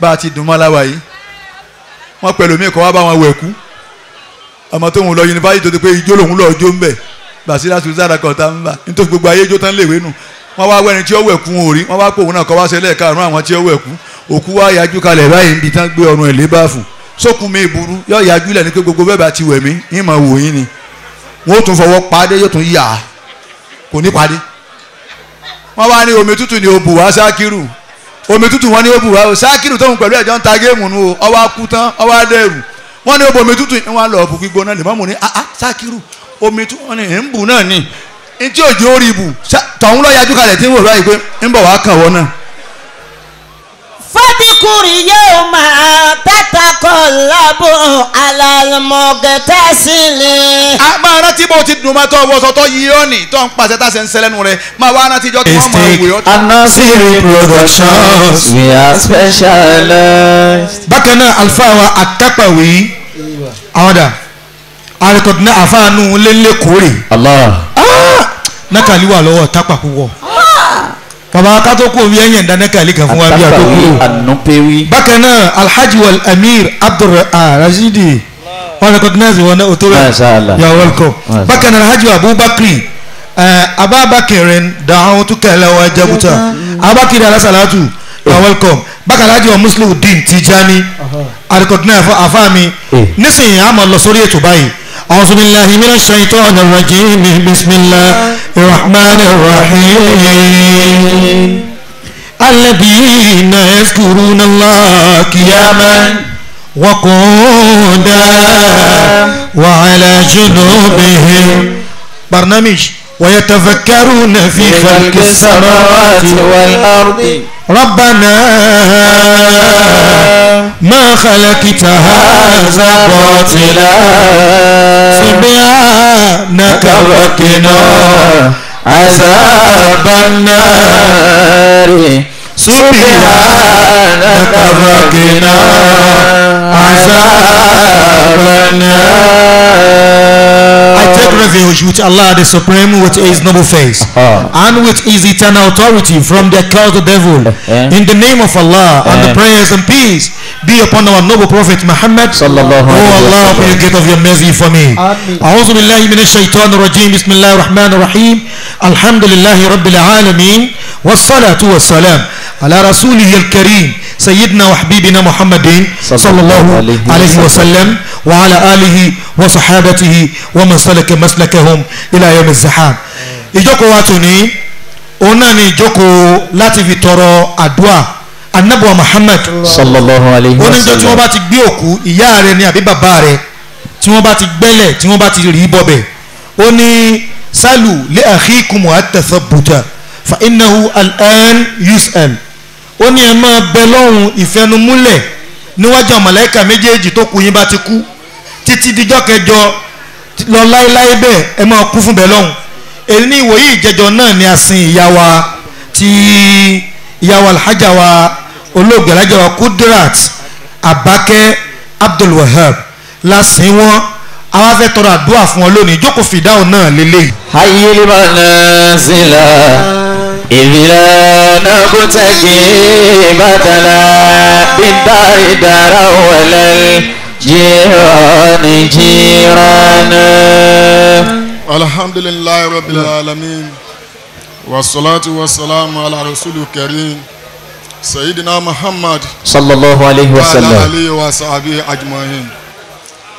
bá a ti dùn mọ́ aláwa yìí wọ́n pẹ̀lú mi kọ́ wá bá wọn wẹ̀kú ọmọ tóun lọ yunifásitì tó ti pé ijó lòun lọ́ọ́ jó ń bẹ̀ Basira Susanna kọ̀ọ̀tà ń bà nítorí gbogbo ayé jó tán léwé nù wọ́n wá wẹ́ni tí ó wẹ̀kú wọn ò rí wọ́n wá pòun náà kọ́ wá sẹ́lẹ̀ karùn àwọn tí ó wẹ̀kú òkú wá yájú kalẹ̀ báyìí níbi tán gbé ọrùn ẹ̀ lébàfù sókun mi ìburú yóò yájú lẹ̀ ní pé gbogbo bẹ́ẹ̀ bá ti wẹ̀ mí ní ìmọ̀ wò yín ni wọ́n ó tún fọwọ́ padé yóò tún yà kò ní padé wọ́n wá ní omi tútù ní obù wá sákírù omi tútù wọn ni ó bù wá o sákìrù tóun pẹ̀lú ẹ̀jọ́ ń ta géèmù nu o ọwọ́ akú tán ọwọ́ adẹ́rù wọn ni ó bọ omi tútù ni wọn lọ bù gbígbóná lè mọ́mù ni ah sákìrù ah, omi tútù wọn ni ń bu. náà ni ntí òjò rí bù tọ̀hún lọ́ọ́ yájú kalẹ̀ tí ń wò báyìí pé ń bọ̀ wá kàn wọ́n náà fadikuri yóò máa tẹ́tàkọ́ lábọ̀ alalmọ̀gẹ́tẹ́sílẹ̀. a máa rántí bó ti dùn máa tọ́ wọ́sọ tó yí ọ́ nì tó ń pàṣẹ tá a ṣe ń sẹlẹ́nu rẹ̀ máa wá rántí jọ́ tí wọ́n máa wù ọ́. anasiri productions we are specialized. bákan náà àlùfáà wa akápàwé àwọn dà àrèkọ̀dúnà àfáànù lélẹ́kọ̀ọ́rẹ̀. Allah. Ah! náà kàlí wà lọ́wọ́ tápà púpọ̀ bàbá katókò wí ẹ̀yìn ìdánákàlì kan fún wa bí àtòkù bákan náà alhaji wal amir abdulrazidi wọn recognize wọn náà òtó rẹ you are welcome bákan náà alhaji abubakar uh, ababakirin dàhùn tukẹlẹ wọn jẹbuta abakiri alasalatu you are welcome bákan náà muslim din tijani i recognize afami nísìnyí àmọ́ lọ sórí ètò báyìí a'udhu billahi minash shaitanir rajim bismillah. الرحمن الرحيم الذين يذكرون الله قياما وقودا وعلى جنوبهم برنامج ويتفكرون في خلق السماوات والأرض ربنا ما خلقت هذا باطلا Sibia Nakawakina Azabanari Azabanari سبحانك فقنا عذاب النار I take refuge with Allah the Supreme with His noble face uh -huh. and with His eternal authority from the curse of the devil. Uh -huh. In the name of Allah uh -huh. and the prayers and peace be upon our noble Prophet Muhammad. oh Allah, open the gate of your mercy for me. أعوذ بالله من الشيطان الرجيم بسم الله الرحمن الرحيم الحمد لله رب العالمين والصلاة والسلام على رسوله الكريم سيدنا وحبيبنا محمد صلى الله عليه وسلم وعلى آله وصحابته ومن سلك مسلكهم إلى يوم الزحام ìjókòó wa tòní òun náà ni ìjókòó láti fi tọrọ àdúà anabuwa Muhammad sallallahu alayhi wa sallam oníjọ tí wọ́n bá ti gbé òkú ìyá rẹ̀ ni àbí bàbá rẹ̀ tí wọ́n bá ti gbẹ́lẹ̀ tí wọ́n bá ti rí bọbẹ ó ní sálù lé àhíkùmù àtẹsọ bùtà fa innahu al'an yus'al ó ní ẹ máa bẹ lọ́hùn ìfẹnumúlẹ̀ níwájú àmàlẹ́kà méjèèjì tó kù yín bá ti kú títí dijọ́ kẹjọ lọ láéláé bẹ́ẹ̀ ẹ máa kú fún bẹ́ẹ̀ lọ́hùn èyí ní ìwòyí ìjẹjọ náà ni àsìn ìyá wa ti ìyá wa alhaja wa olóògbé alhaja wa Kudirat Abake Abdulwahab lásìn wọn àwa fẹ́ tọrọ àdúrà fún ọ lónìí jókòó fìdáhùn náà lélẹ́yìí. ayélujára náà sí la. إذلا نبتغي بدلا بالدار دارا وللجيران جيرانا الحمد لله رب العالمين والصلاة والسلام على رسول الكريم سيدنا محمد صلى الله عليه وسلم وعلى آله وصحبه أجمعين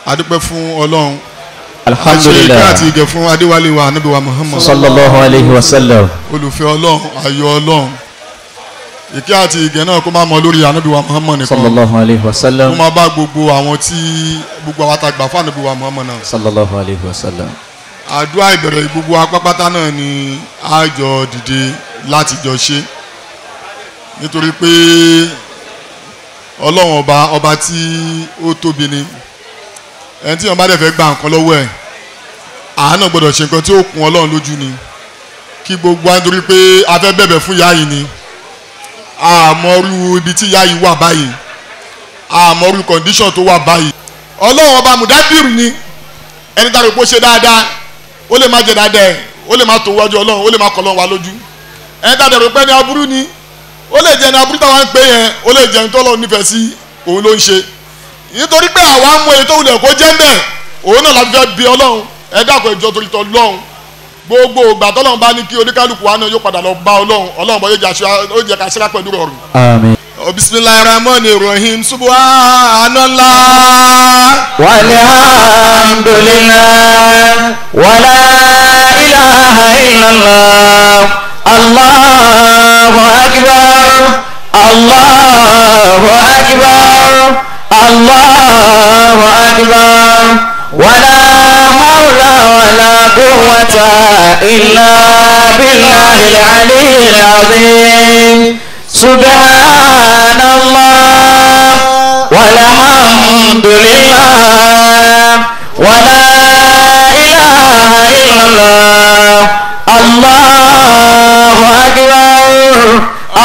adúpẹ́ fún Ọlọ́run alhamdulillah ṣe káàtì ìgẹ̀ fún adéwálé wa anábì wa muhammad sallallahu alayhi wa sallam olùfẹ́ ọlọ́run ayọ̀ ọlọ́run ìkẹ́ àti ìgẹ̀ náà kó máa mọ lórí anábì wa muhammad nìkan sallallahu alayhi wa sallam kó máa bá gbogbo àwọn tí gbogbo àwọn àtàgbà fún anábì wa muhammad náà sallallahu alayhi wa sallam àdúrà ìbẹ̀rẹ̀ gbogbo apápátá náà ni àjọ dìde láti jọ ṣe nítorí pé ọlọ́run ọba ọba tí ó tóbi ni ẹni tí wọn bá dẹ̀ fẹ́ gba nǹkan lọ́wọ́ ẹ̀ àánà gbọ́dọ̀ ṣe nǹkan tí ó kun ọlọ́run lójú ni kí gbogbo wa nítorí pé a fẹ́ bẹ̀bẹ̀ fún ìyá ni àmọ́rú ibi tí ìyá wà báyìí àmọ́rú condition tó wà báyìí ọlọ́run ọba mùdádìrì ni ẹni tá a rò pé ó ṣe dáadáa ó lè má jẹ dáadáa ẹ̀ ó lè má tó wájú ọlọ́run ó lè má kọ́ ọlọ́run wa lójú ẹni tá a rò pé ẹni aburú ni ó lè jẹ ẹni aburú táwọn ń pè yẹn ó lè jẹ ẹni tó ọlọ́run nífẹ̀ẹ́ sí òun ló ń ṣe nítorí pé àwa mú èyí tó wulẹ̀ kó jẹ́ mbẹ́ òun náà la fẹ́ bí ọlọ́run ẹ dákun ẹjọ́ torí tọ́ lọ́run gbogbo ìgbà tọ́lọ́run bá ní kí oníkálukú wa náà yóò padà lọ bá ọlọ́run ọlọ́run bọ́ yóò jẹ́ ká ṣe lápẹ̀ dúró ọ̀run. àmín. bisimilayi rahman rahim subhanallah. wàlẹ́ alhamdulilayi. العلي العظيم سبحان الله والحمد لله ولا إله إلا الله الله أكبر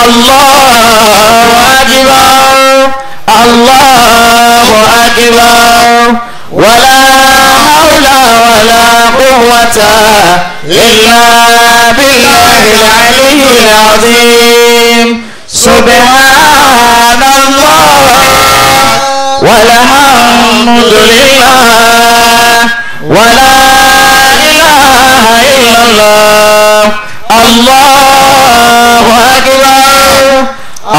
الله أكبر الله أكبر ولا حول ولا قوة إلا الله العلي العظيم سبحان الله والحمد لله ولا إله إلا الله الله أكبر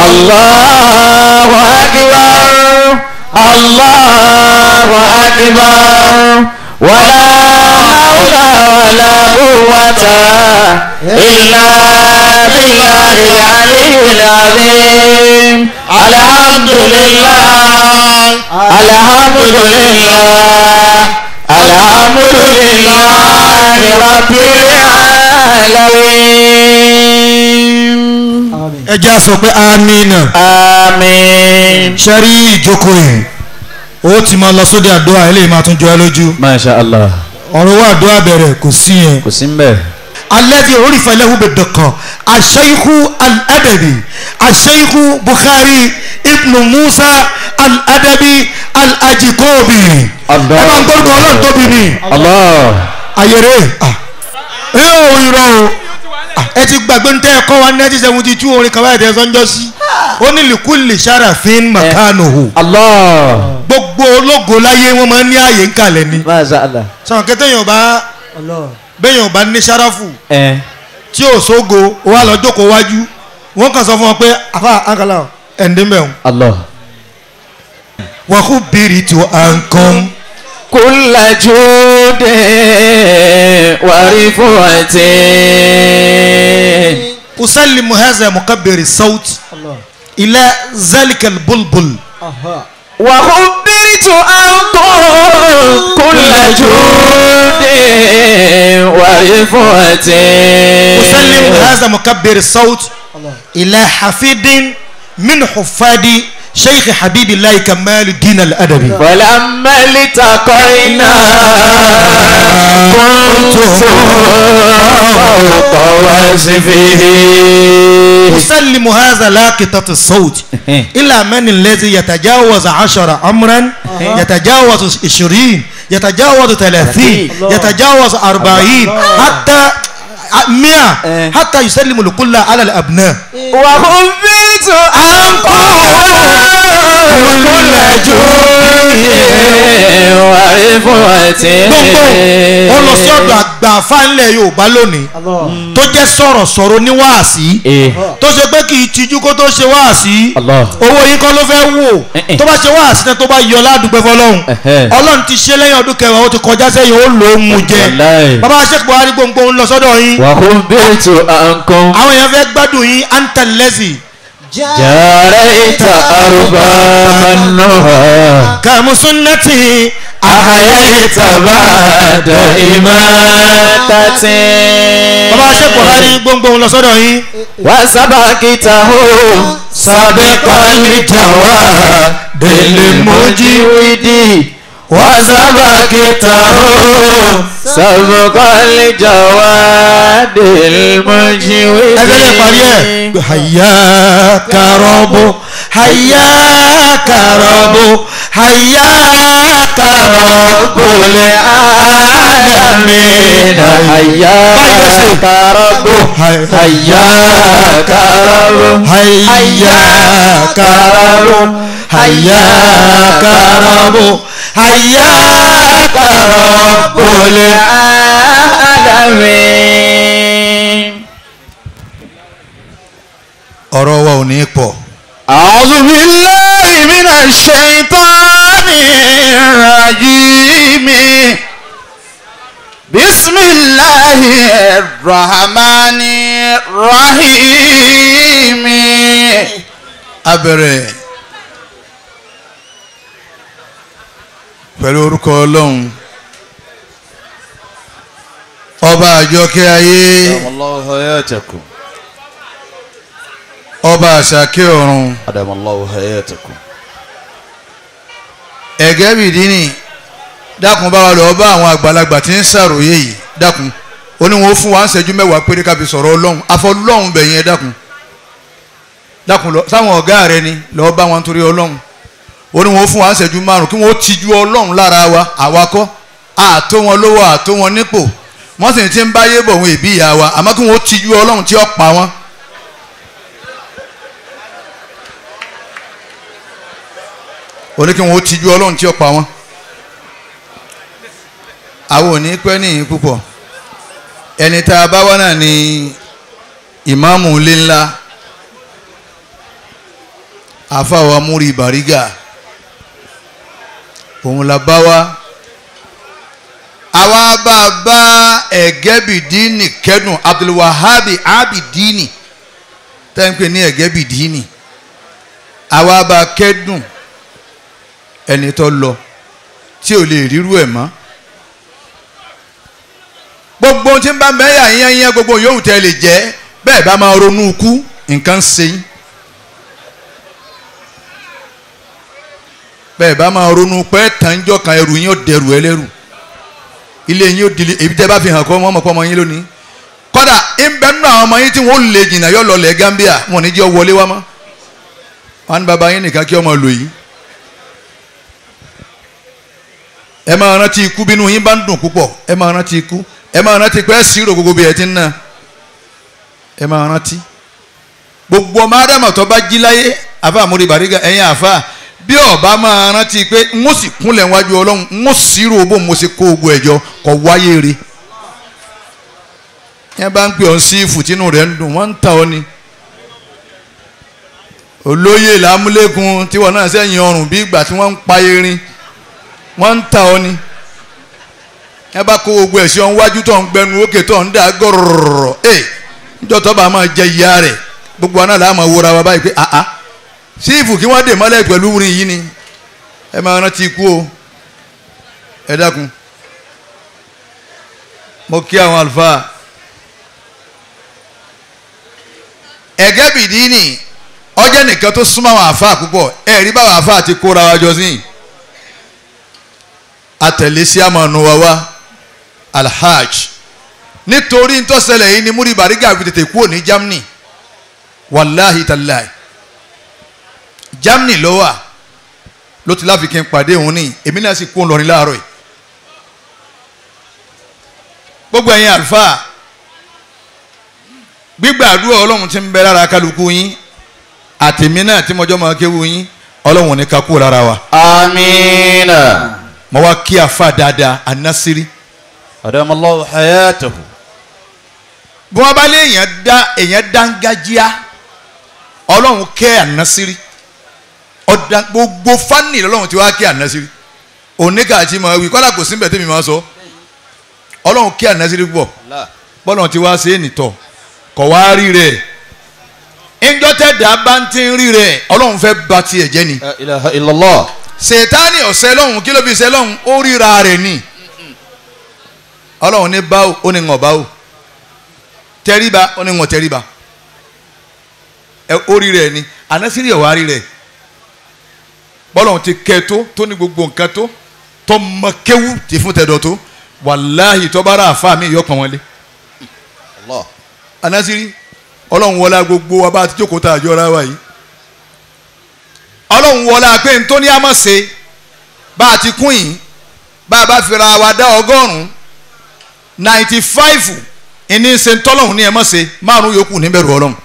الله أكبر الله أكبر ولا ولا قوة إلا بالله العلي العظيم الحمد لله الحمد لله الحمد لله رب العالمين ẹ jẹ́ sọ pé amina àmín ṣe rí ìjókòó yẹn ó ti máa lọ sóde àdúrà eléyìí máa tún jọ ẹ lójú. Masha Allah ọ̀rọ̀ wa àdúrà bẹ̀rẹ̀ kò sí yẹn. kò sí mbẹ. alẹ́bí orífa ẹlẹ́hu bẹ̀ dọ̀kan àṣeyíkú alẹ́dẹ̀bí àṣeyíkú Bukhari ibnu Musa alẹ́dẹ̀bí alajikobi. Allah ẹ máa ń gbọ́dọ̀ ọlọ́run tóbi ni. Allah. ayẹrẹ ẹ ò irọ́ o ẹ ti gbàgbé ń tẹ́ ẹ̀kọ́ wa ní nineteen seventy two orin kàwáyé tẹ́ sọ́njọ́ sí ó ní likuli sharafin eh. makanohu gbogbo ológo láyé wọn máa ń ní ààyè ń kalẹ̀ ni sọ̀rọ̀ kẹ́tẹ́ yóò bá bẹ́ẹ̀ yóò bá ní sarafu eh. tí ò sógo wà lọ́jọ́ wájú wọ́n kàn sọ fún wọn pé afa ankala ẹ̀ndínmẹ̀hún. wà kú bìrì tó àǹkan. kò lajú dé wàrí fún àti. usalimu haza mukabiri sauti. إلى ذلك البلبل أها وخبرت كل جود ورفعة أسلم هذا مكبر الصوت إلى حفيد من حفادي شيخ حبيب الله كمال الدين الأدبي فلما التقينا كنت فوق وصفه أسلم هذا لاقطة الصوت إيه. إلى من الذي يتجاوز عشر أمرا إيه. يتجاوز عشرين يتجاوز ثلاثين يتجاوز أربعين حتى مئة إيه. حتى يسلم الكل على الأبناء وخفيت عن كل جود gbogbo ó lọ sí ọ̀dọ̀ àgbà fáńlẹ̀ Yorùbá lónìí tó jẹ́ sọ̀rọ̀sọ̀rọ̀ ní wáàsí eh. tó ṣe pé kì í tijú kó tó ṣe wáàsí owó yìí kọ́ ló fẹ́ wò tó bá ṣe wáàsí náà tó bá yọ ládùúgbẹ́ fọlọ́hún Ọlọ́run ti ṣe lẹ́yìn ọdún kẹwàá ó ti kọjá sẹ́yìn ó lò ó mu jẹ bàbá aṣẹ́kù Buhari gbòǹgbò ń lọ sọ́dọ̀ yín. wàhùn bẹ́ẹ̀ tó à ń kọ́. àwọn èèyàn fẹ́ gbádùn yín antalẹ́sì جاريت أربابا النهى كم سنتي أحييت بعد إماتتي bàbá ṣe Buhari gbóngbóng lọ sọ́dọ̀ yín. wà sábàkìtà ó sábẹ́kọ̀ọ́ lè jà wá délé mojí كتاب سبقا لجواد المجوي حياك رب حياك رب حياك رب العالمين حياك رب حياك رب حياك رب حياك رب hayyaka rabbul alamin. ọ̀rọ̀ wa ò ní pọ̀. a'udhu billahi minash shaitanir rajim. bismillahir rahmanir rahim. abẹrẹ. pẹ̀lú orúkọ ọlọ́run ọba àjọkẹ́ ayé ọba àṣàkẹ́ ọ̀run ẹ̀gẹ́ bìdí ni dákun bá wa lọ ọba àwọn àgbàlagbà tí ń ṣàròyé yìí dákun oníwọ̀n fún wa ń ṣẹ́jú mẹ́wàá péré sọ̀rọ̀ ọlọ́run bẹ̀yẹn dákun dákun lọ sáwọn ọ̀gá rẹ ni lọ́ọ́ bá wọn torí ọlọ́run ó wọn fún wa ṣẹ́jú márùn kí wọ́n tijú ọlọ́run lára wa àwa kọ́ àtó wọn lówó àtó nípò wọ́n sì ti ń báyé bọ̀ wọn ìbí ìyá wa àmọ́ kí wọ́n ó wọn. tijú ọlọ́run tí ó pa wọn. àwọn ò ní pẹ́ púpọ̀ ẹni tá a bá wá náà ni ìmáàmù bàrígà. òun la bá wá àwa bá a bá ẹ̀gẹ́bìdínì kẹ́dùn abdulwahabi abidini tẹ́ǹpẹ́ ní ẹ̀gẹ́bìdínì àwa bá a kẹ́dùn ẹni tó lọ tí ò lè ríru ẹ̀ mọ́ gbogbo tí ń bá mẹ́yà yẹn yẹn gbogbo yóò tẹ́ lè jẹ́ bẹ́ẹ̀ bá máa ronú ikú nǹkan ń ṣe bẹ́ẹ̀ bá máa ronú pé tàǹjọ́ kan ẹrù yín ó dẹrù ẹlẹ́rù ilé yín ó di ibi tẹ́ bá fi hàn kọ́ wọ́n mọ̀ pọ́ ọmọ yín lónìí kódà ń bẹ nínú àwọn ọmọ yín tí wọ́n lè jìnnà yọ lọ lẹ̀ Gambia wọn ní jẹ́ wọlé wá mọ́ wọn ní baba yín nìkan kí ọmọ lò yìí ẹ máa rántí ikú bínú yín bá ń dùn púpọ̀ ẹ máa rántí ikú ẹ máa rántí pé sírò gbogbo bí ẹ ti ń ná ẹ máa rántí gbogbo ọmọ ádámọ̀ tó bá jí láyé àfa àmúrí bàrígà ẹ̀yin àfa bí ọba máa rántí pé n ó sì kúnlẹ̀ wájú ọlọ́run n ó mo ṣe kó ogun ẹ̀jọ kọ̀ wáyé rí yẹn bá ń pè sí rẹ̀ ń wọ́n ta ọ ni olóyè làmúlẹ́kùn tiwọn náà sẹ́yìn ọrùn bí ìgbà tí wọ́n erin wọ́n ń ọ ni yẹn bá kó ogun wájú gbẹnu tó ń dà ẹ̀ eh! máa jẹ gbogbo làá máa wúra wa ah, ah, sífù kí wọ́n dè mọ́lẹ̀ pẹ̀lú orin yìí ni ẹ máa rántí ikú o ẹ dákun mo kí àwọn àlùfáà ẹ̀gẹ́ bìdí ni ọjọ́ nìkan tó súnmọ́ àwọn àfáà púpọ̀ ẹ rí báwọn àfáà ti kóra wa jọ sí àtẹ̀lé sí àmọ̀nù wa wá alhaj nítorí ntọ́sẹ̀lẹ̀ yìí ni múri bàrígà fi tètè kúrò ní Germany wàláhi tàláì Germany ló wà ló ti láfi kí n pàdé òun ní èmi náà sì kú òun lọrin láàárọ̀ yìí gbogbo ẹ̀yin àlùfáà gbígbàdúrà ọlọ́run ti ń bẹ lára kálukú yín àtèmi náà tí mọjọ́ máa kéwu yín ọlọ́run ní ká lára wa. amiina. mo wá kí àfa dáadáa anásírí. adamallahu hayatahu. bí wọ́n bá lé èèyàn dá èèyàn dángájíá ọlọ́run kẹ́ anásírí ọ̀dà gbogbo fani lọ́lọ́run ti wá kí ànásírí oníkà àti màá wí kọ́lá kò sí bẹ̀ tẹ́mi máa sọ ọlọ́run kí ànásírí pọ̀ bọ́lọ́run ti wá sí ènìtọ̀ kọ̀ wá rí rẹ̀ ńjọ́tẹ̀dá bá ń ti rí rẹ̀ ọlọ́run fẹ́ ba tiẹ̀ jẹ́ ni. ilaha illallah. sètáni ọ̀sẹ̀ lọ́hùn kí ló fi ṣe lọ́hùn ó ríra rẹ̀ ni ọlọ́run ní báwò ó ní ngàn báwò tẹríba ó ní ngàn tẹríba ó rí rẹ̀ ni ànásírí ọ̀wá rí rẹ̀ bọ́lọ̀hún ti kẹ́ tó tó ní gbogbo nǹkan tó tó mọ kéwú ti fún tẹ̀dọ̀ tó wàláhì tó bá rà àfa mi yọ pọ̀ wọn lé. anásírí ọlọ́run wọlá gbogbo wa bá a ti jókòó tá a jọra wa yìí ọlọ́run wọlá pé n tó bá a ti kún yìí bá a bá fira wa dá ọgọ́rùn-ún ninety five ìní ṣe ń tọ́lọ́hún ní ẹ̀ mọ́ ṣe márùn-ún yòókù níbẹ̀rù ọlọ́run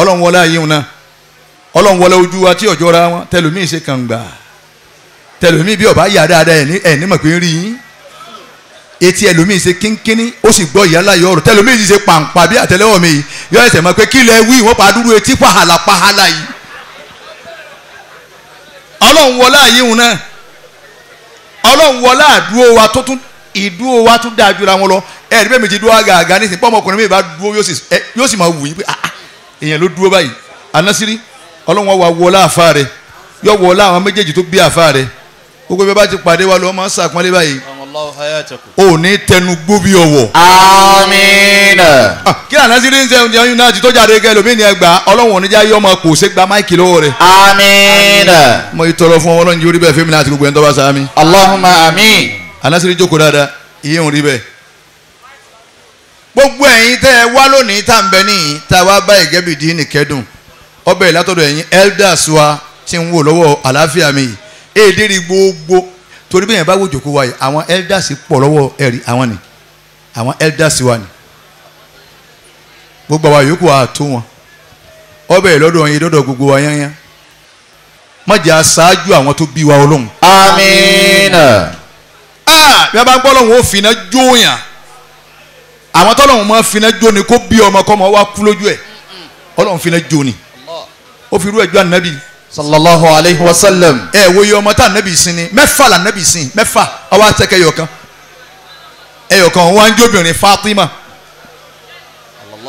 ọlọ́run wọlá yìí náà ọlọ́run wọlé ojú wa tí ọjọ́ ra wọn tẹlomi ṣe kàn gbà tẹlomi bí ọba yà dáadáa ẹ̀ ẹ̀ nímọ̀ pé ń rí yín etí ẹlòmí ṣe kínkínní ó sì gbọ́ ìyá láyọ̀ ọ̀rọ̀ tẹlomi ṣe pàǹpà bí àtẹlẹwọ̀ mi yọ ẹsẹ̀ mọ́ pé kí lẹ wí wọ́n pa dúró etí pàhàlà pàhàlà yìí ọlọ́run wọlé àyè náà ọlọ́run wọlé àdúró wa tó tún ìdúró wa tún dáa jura wọn lọ ẹ̀rí bẹ́ẹ̀ mi ti dúró àgàgà nísìnyí pọ́ọ̀mọkùnrin mi ìbá dúró yóò sì máa wù yín pé ah, ah, èèyàn ló dúró báyìí anásírí ọlọ́run wa wọlá àfa rẹ yọ wọlá àwọn méjèèjì tó bí àfa rẹ gbogbo bí a bá ti pàdé wa lọ́ọ́ máa ń sàpọ́nlé báyìí o ní tẹnu gbó bí ọwọ́. amiina. Ah, kí ànásírí ń sẹ́yìn jẹun náà ti tọ́jà àdéhùn ẹlòmíì ní ẹgbàá ọlọ́run oníjà yọ ọmọ kò ṣe gba máìkì lọ́wọ́ rẹ̀. amiina. mo yí tọrọ fún ọlọ́run yóò rí bẹ́ẹ̀ fẹ́mi náà àti gbogbo ẹni tó bá sáà mi. Allahumma amin. ànásírí jókòó dáadáa iye ń rí bẹ́ẹ̀. gbogbo ẹ̀yin tẹ́ ẹ wá lónìí tá à ń bẹ níyìn tá a wá bá ìgẹ́bìdì nìkẹ́dùn ọbẹ̀ látọ̀dọ̀ ẹ̀yin elders wa ti ń wò lọ́wọ́ àlàáfíà mi èdè rí gbogbo torí bẹ́ẹ̀ bá wòjò kó wa yìí àwọn elders pọ̀ lọ́wọ́ ẹ̀rí àwọn ni àwọn elders wa ni gbogbo àwa yòókù àtó wọn ọbẹ̀ lọ́dọ̀ yín lọ́dọ̀ gbogbo wa yányán má jẹ́ aṣáájú àwọn tó bí wa ọlọ́run. amiina. aa ah, bí a bá ń gbọ́ lọ́hùn ó finá jóyàn àwọn tọ́lọ́hùn máa finá jó ni kó bí ọmọ kọ́mọ wá kú lójú ẹ̀ ọlọ́run finá jó ni ó fi irú ẹjọ́ ànábì. sallallahu alayhi wa sallam. ẹ wo iye ọmọ tá ànábì sin ni mẹ́fà là ànábì sin mẹ́fà ọwọ́ àtẹ́kẹ́ ẹyọkan ẹyọkan wọn á ń jóbìnrin Fatima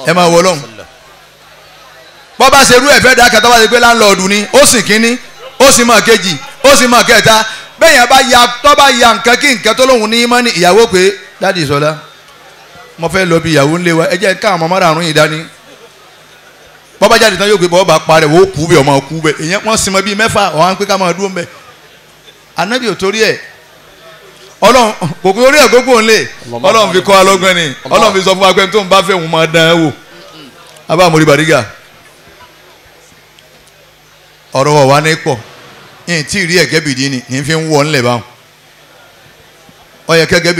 ẹ máa wọ lọ́hùn. bọ́ bá ṣe irú ẹ̀fẹ́ dákẹ́ tó bá ṣe pé láńlọ́ọ̀dù ni ó sì kínní ó sì máa kejì ó sì máa kẹta bẹ́ẹ̀ yẹn bá ya nǹkan kí nǹkan tó lóun ní mọ́ ní ìyàwó pé dáàdì Ṣọlá mo fẹ́ lọ bí ìyàwó ńlé wa ẹ jẹ́ ká àwọn ọmọ márààrún yìí dání bọ́bá jáde tán yóò gbé bọ́ọ̀bà parẹ́ wò ó kú bẹ́ẹ̀ ọmọ kú bẹ́ẹ̀ ìyẹn wọ́n sin mọ́ bíi mẹ́fà ọ̀hán pé ká máa dúró bẹ́ẹ̀ anabi ò torí ẹ̀ ọlọ́run kò kú orí ẹ̀ gbogbo ńlẹ̀ ọlọ́run fi kọ́ alọ́gbọ́n ni ọlọ́run fi sọ fún wa pé tó ń bá fẹ́ òun máa dán wò abá àmọ́rí bàdígà ọ̀rọ̀ wà wá ní pọ̀ yìí tí rí ẹ̀gẹ́ bìdí ni ní fi ń wọ ńlẹ̀ báwọn ọyẹ kẹ́gẹ́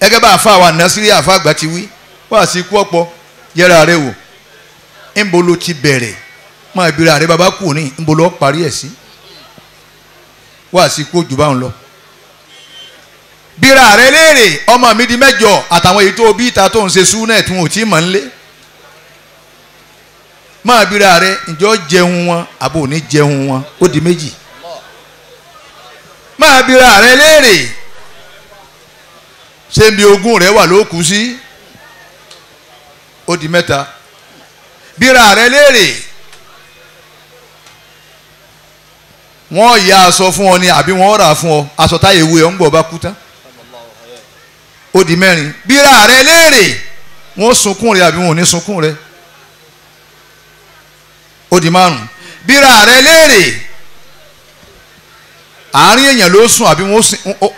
gẹ́gẹ́ bá àfa àwọn ànásírí àfa àgbà ti wí wá sí ikú ọ̀pọ̀ yẹra rẹ wò ńbo ló ti bẹ̀rẹ̀ máa bira rẹ bàbá kù ní ńbo ló parí ẹ̀ sí wá sí ikú òjò ń lọ. bira rẹ léèrè ọmọ mi di mẹjọ àtàwọn èyí tó bí ìta tó ń ṣe súnà tí wọn ò tí ì mọ̀ ń lé máa bira rẹ ǹjọ́ jẹun wọn àbò ní jẹun wọn ó di méjì máa bira rẹ léèrè ṣé bí ogún rẹ wà ló kù sí ó di mẹ́ta bíra rẹ léèrè wọ́n ya aṣọ fún ọ ni àbí wọ́n rà fún ọ aṣọ táyé ewu ẹ̀ ń gbọ́ bá kú tán ó di mẹ́rin bíra rẹ léèrè wọ́n sunkún rẹ àbí wọn ò ní sunkún rẹ ó di márùn bíra rẹ léèrè àárín èèyàn ló sùn àbí wọn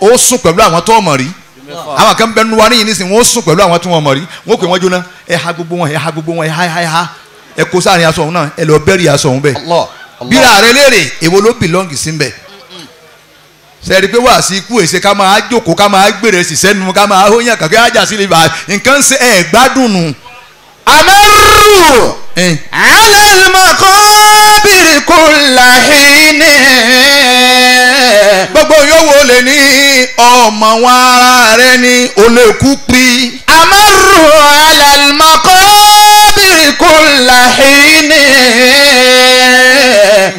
ó sùn pẹ̀lú àwọn tó mọ̀ rí àwọn kan bẹ nuwa níyìn nísìnyí wọn sùn pẹ̀lú àwọn tí wọn mọ̀ rí wọn pè wọn jóná ẹ ha gbogbo wọn ẹ ha gbogbo wọn ẹ ha ẹ ha ẹ ha ẹ kó sáàrin aṣọ òun náà ẹ lọ bẹ́ẹ̀rì aṣọ òun bẹ́ẹ̀ bíra rẹ léèrè èwo ló bìlọ́ǹgì sí bẹ́ẹ̀ sẹ́ẹ̀rì pé wà sí ikú èsè ká máa jókòó ká máa gbèrè sísẹ́ nu ká máa hóyàn kàkẹ́ àjà sílẹ̀ bá nǹkan ṣe ẹ̀ gbádùn nù. amẹ́rù على maqabiri كل حين gbogbo yòówó lè ní ọmọ wọn ara rẹ ní olè kú pi. amaru alal maqabiri kulla hini.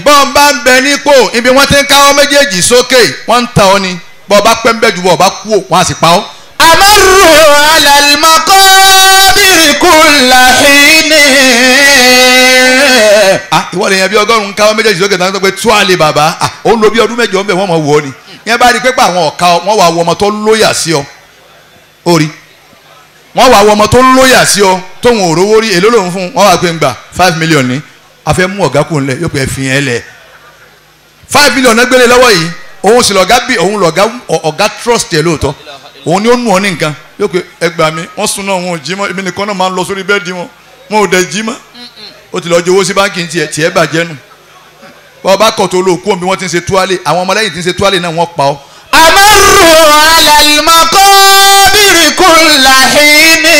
bọ́ńbà ń bẹ nípò ibi wọ́n ti ń káwọ́ méjèèjì sókè wọ́n ń ta ọ ni bọ́ọ̀ pẹ́ ń bẹ́ ju bọ́ọ̀ kú ò wọ́n á sì pa ọ́. amaru alal maqabiri kọ́dìrì kù làhínì. ìwọ lèèyàn bí ọgọ́rùn-ún káwọn méjèèjì lókè tán tó pé tú àlè bàbá ah, ó ń lo bí ọdún mẹ́jọ ń bẹ̀ wọ́n mọ̀ wọ́ ni yẹn bá rí i pé pa àwọn ọ̀ka wọ́n wà wọ ọmọ tó lóyà sí ọ orí wọ́n wà wọ ọmọ tó lóyà sí ọ tóun ò rówó rí èló lòun fún wọ́n wà pé ń gbà five million ní afẹ́ mú ọ̀gá kù ńlẹ̀ yóò pẹ́ fi yẹn lẹ̀ five million náà gbélé lọ́wọ́ yìí òun sì lọ̀gá bí òun lọ̀gá ọ̀gá trust ẹ̀ lóòótọ́ òun ni ó nù ọ ní nǹkan yóò pé ẹgbà mi wọ́n sùn náà wọn ò jí mọ́ èmi nìkan náà máa ń lọ sórí bẹ́ẹ̀dì wọn wọn ò dẹ̀ jí mọ́ ó ti lọ́ọ́ jowó sí báńkì tiẹ̀ tiẹ̀ bàjẹ́ nù bọ́ọ̀ bá kọ̀ tó lóòkú òbí wọ́n ti ń ṣe túwálé àwọn ọmọlẹ́yìn ti ń ṣe túwálé náà wọ́n pa ọ́. amaru alalimokobiri kulahini.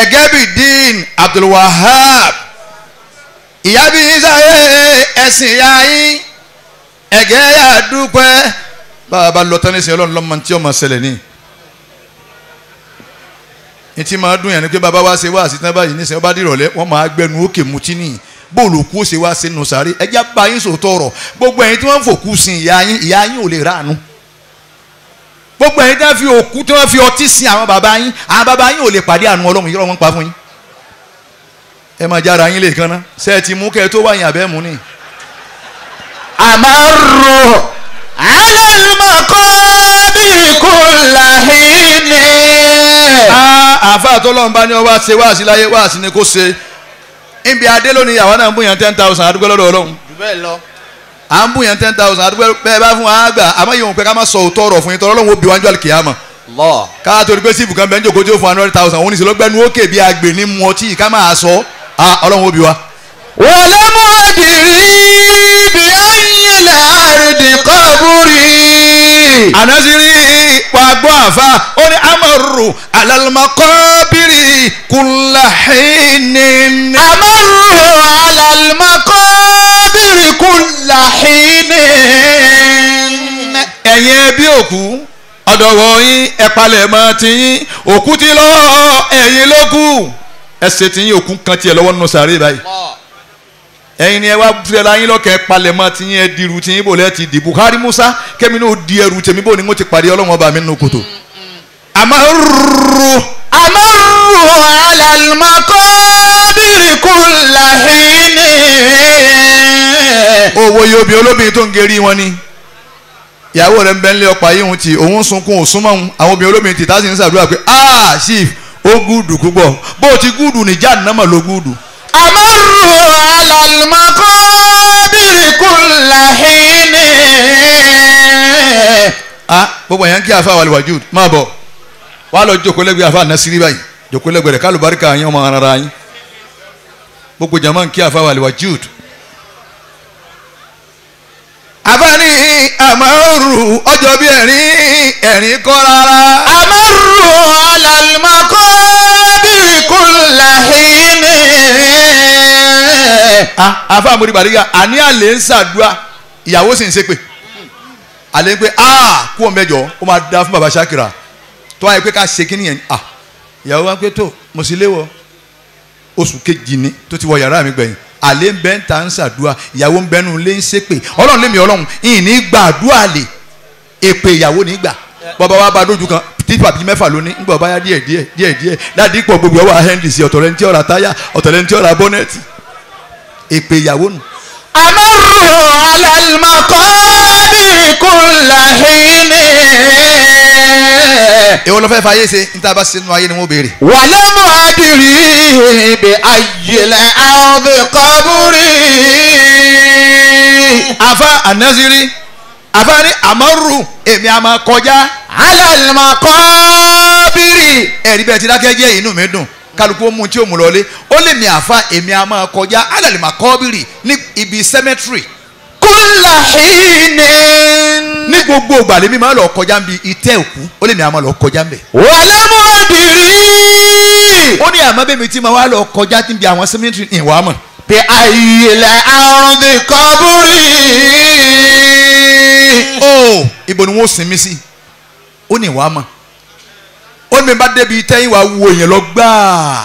ẹgẹbidin abdulwahab ìyábí yín sáyé ẹsìn yá yín ẹgẹ yá dúpẹ́ báwa bá lọ tánìsì ọlọ́run lọ́mọ tí ọmọ ṣẹlẹ̀ ní. etí máa dùn yàn ni pé bàbá wa ṣe wá àṣìtàn báyìí nísìnyí ọba dìrọ̀lẹ́ wọ́n máa gbẹnu òkè mutí nìyí bóòlù kú ó ṣe wá sínú sàárè ẹjá bá yín sòótọ́ ọ̀rọ̀ gbogbo ẹ̀yin tí wọ́n ń fòkú sin ìyá yín ìyá yín ò lè ráàánú gbogbo ẹ̀yin tí wọ́n fi òkú tí wọ́n fi ọtí sin àwọn bàbá yín àwọn bàbá yín ò lè pàdé àánú ọlọ́run yìí ọlọ́run pa fún yín ẹ máa jára yín lè kan ná é ti mú kẹ́ ẹ tó wáyìn àbẹ́ ni. àmọ́ àfáà tó lọ́nba ni wá ṣe wá sí láyé wá sí ni kò ṣe níbi adé lónìí àwọn náà ń bùyàn ten thousand àdúgbò lọ́dọ̀ ọlọ́run. bẹ́ẹ̀ lọ. à ń bùyàn ten thousand àdúgbò bẹ́ẹ̀ bá fún wa gbà àmọ́ yìí òun pé ká má sọ òótọ́ ọ̀rọ̀ fún yín tọ́ ọlọ́run ó bí wájú àlùkìyàmọ̀. lọ. ká torí pé sífù kan bẹ́ẹ̀ ń jòkó tí ó fún hundred thousand òun ní sọ lọ́gbẹ́nu ókè bí agbè ilẹ̀ àrèdè kọ́búrì. ànásírí wà gbọ́ àfa ó ní amaru alalumakọ́bìrì kùlàhínì. amaru alalumakọ́bìrì kùlàhínì. ẹ̀yin ẹbí òkú ọ̀dọ̀wọ̀ yín ẹ̀palẹ̀ mọ́ tiyín òkú ti lọ ẹ̀yin ló kù ẹ̀sẹ̀ tiyín òkú kan tiẹ̀ lọ́wọ́ nínú sàárè báyìí ẹ̀yin ni ẹ wá tirẹ̀ la yín lọ́kẹ́ palẹ̀mọ́ ti yín ẹ di irú ti yín bò lẹ́ ti di Buhari Musa kẹ́mi náà di ẹrù tèmi bò ní mo ti pàdé Ọlọ́run ọba mi nínú kòtò. àmọ́rù àmọ́rù alàlùmọ́kọ́bìrì kùlà owó yóò olóbìnrin tó ń gerí wọn ni ìyàwó rẹ̀ ń bẹ́ nílé ọ̀pá yíhun tí òun sunkún òsúnmọ́hun àwọn obìnrin olóbìnrin tìta sì ń ṣàdúrà pé ah chief ó gúdù púpọ̀ bó o ti gúdù níjà nàmọ̀ ló gúdù. ومروا على المقابر كل حين ah gbogbo yẹn kí afa wàlúwàjú máa bọ̀ wàá lọ jókòó lẹ́gbẹ̀ẹ́ afa nasiri báyìí jókòó lẹ́gbẹ̀ẹ́ rẹ̀ kálù barika yẹn ọmọ ara yín gbogbo jama ń kí afa wàlúwàjú. abani amaru ọjọ́ bí ẹ̀rín ẹ̀rín kọ́ rárá. amaru alalimako birikunlahi afa ah, amori bariga àní àlè ń ṣàdúrà ìyàwó sì ń ṣépè àlè ń pè a ah, kú ọ mẹjọ ó máa da fún baba Shakira tó ayé pé ká ṣe kí nìyẹn a ah, ìyàwó wa pé tó mo sì léwọ oṣù kejì ni tó ti wọ yàrá mi gbẹ̀yìn àlè ń bẹ ń ta ń ṣàdúrà ìyàwó ń bẹnu lé ń ṣépè ọlọ́run lémi ọlọ́run ìní gbàdúrà lè èpè ìyàwó ní gbà bàbá wa bá dójú kan tí tàbí mẹ́fà lóní ńgbà ọba yá díẹ̀ díẹ̀ díẹ̀ díẹ̀ dáàdi pọ̀ gbogbo ọwọ́ ahẹ́ndì sí ọ̀tọ̀rẹ́ ntí ọ̀rà táyà ọ̀tọ̀rẹ́ ntí ọ̀rà bọ́nẹ́ẹ̀tì èpè ìyàwó nù. amọ̀rù alálùmọ̀kọ́bí kùlàhínì. èwo ló fẹ́ fa ayé ṣe ní tá a bá ṣe nínú ayé ni wọ́n béèrè. wàlẹ́ mú adìrí ibi ayẹlẹ àwọn kọ́búrì. afa anaziri àfáàní àmọ́rù èmi àmọ́ kọjá. alàlùmọ̀ kọ́ bírì. ẹ̀rí bẹ́ẹ̀ ti dákẹ́ jẹ́ inú mi dùn kálukú ó mú tí ó mú lọlé ó lè mi àfa èmi àmọ́ kọjá alàlùmọ̀ kọ́ bírì ní ibi cemetery. kúlà hìnnì. ní gbogbo ìgbà lèmi máa lọ kọjá nbí ìtẹ́ òkú ó lè mi àmọ́ lọ kọjá nbẹ. wàlámù bírì. ó ní àmọ́ bẹ́ẹ̀ mi ti máa wá lọ kọjá níbi àwọn cemetery ìwà mọ̀ bí ayílẹ̀ àrùn di kọ́búlì. ó ibo ni wọ́n sinmi sí ó ní ìwà mọ̀ ó ní bá débi tẹ́yìn wá wo èèyàn lọ gbáà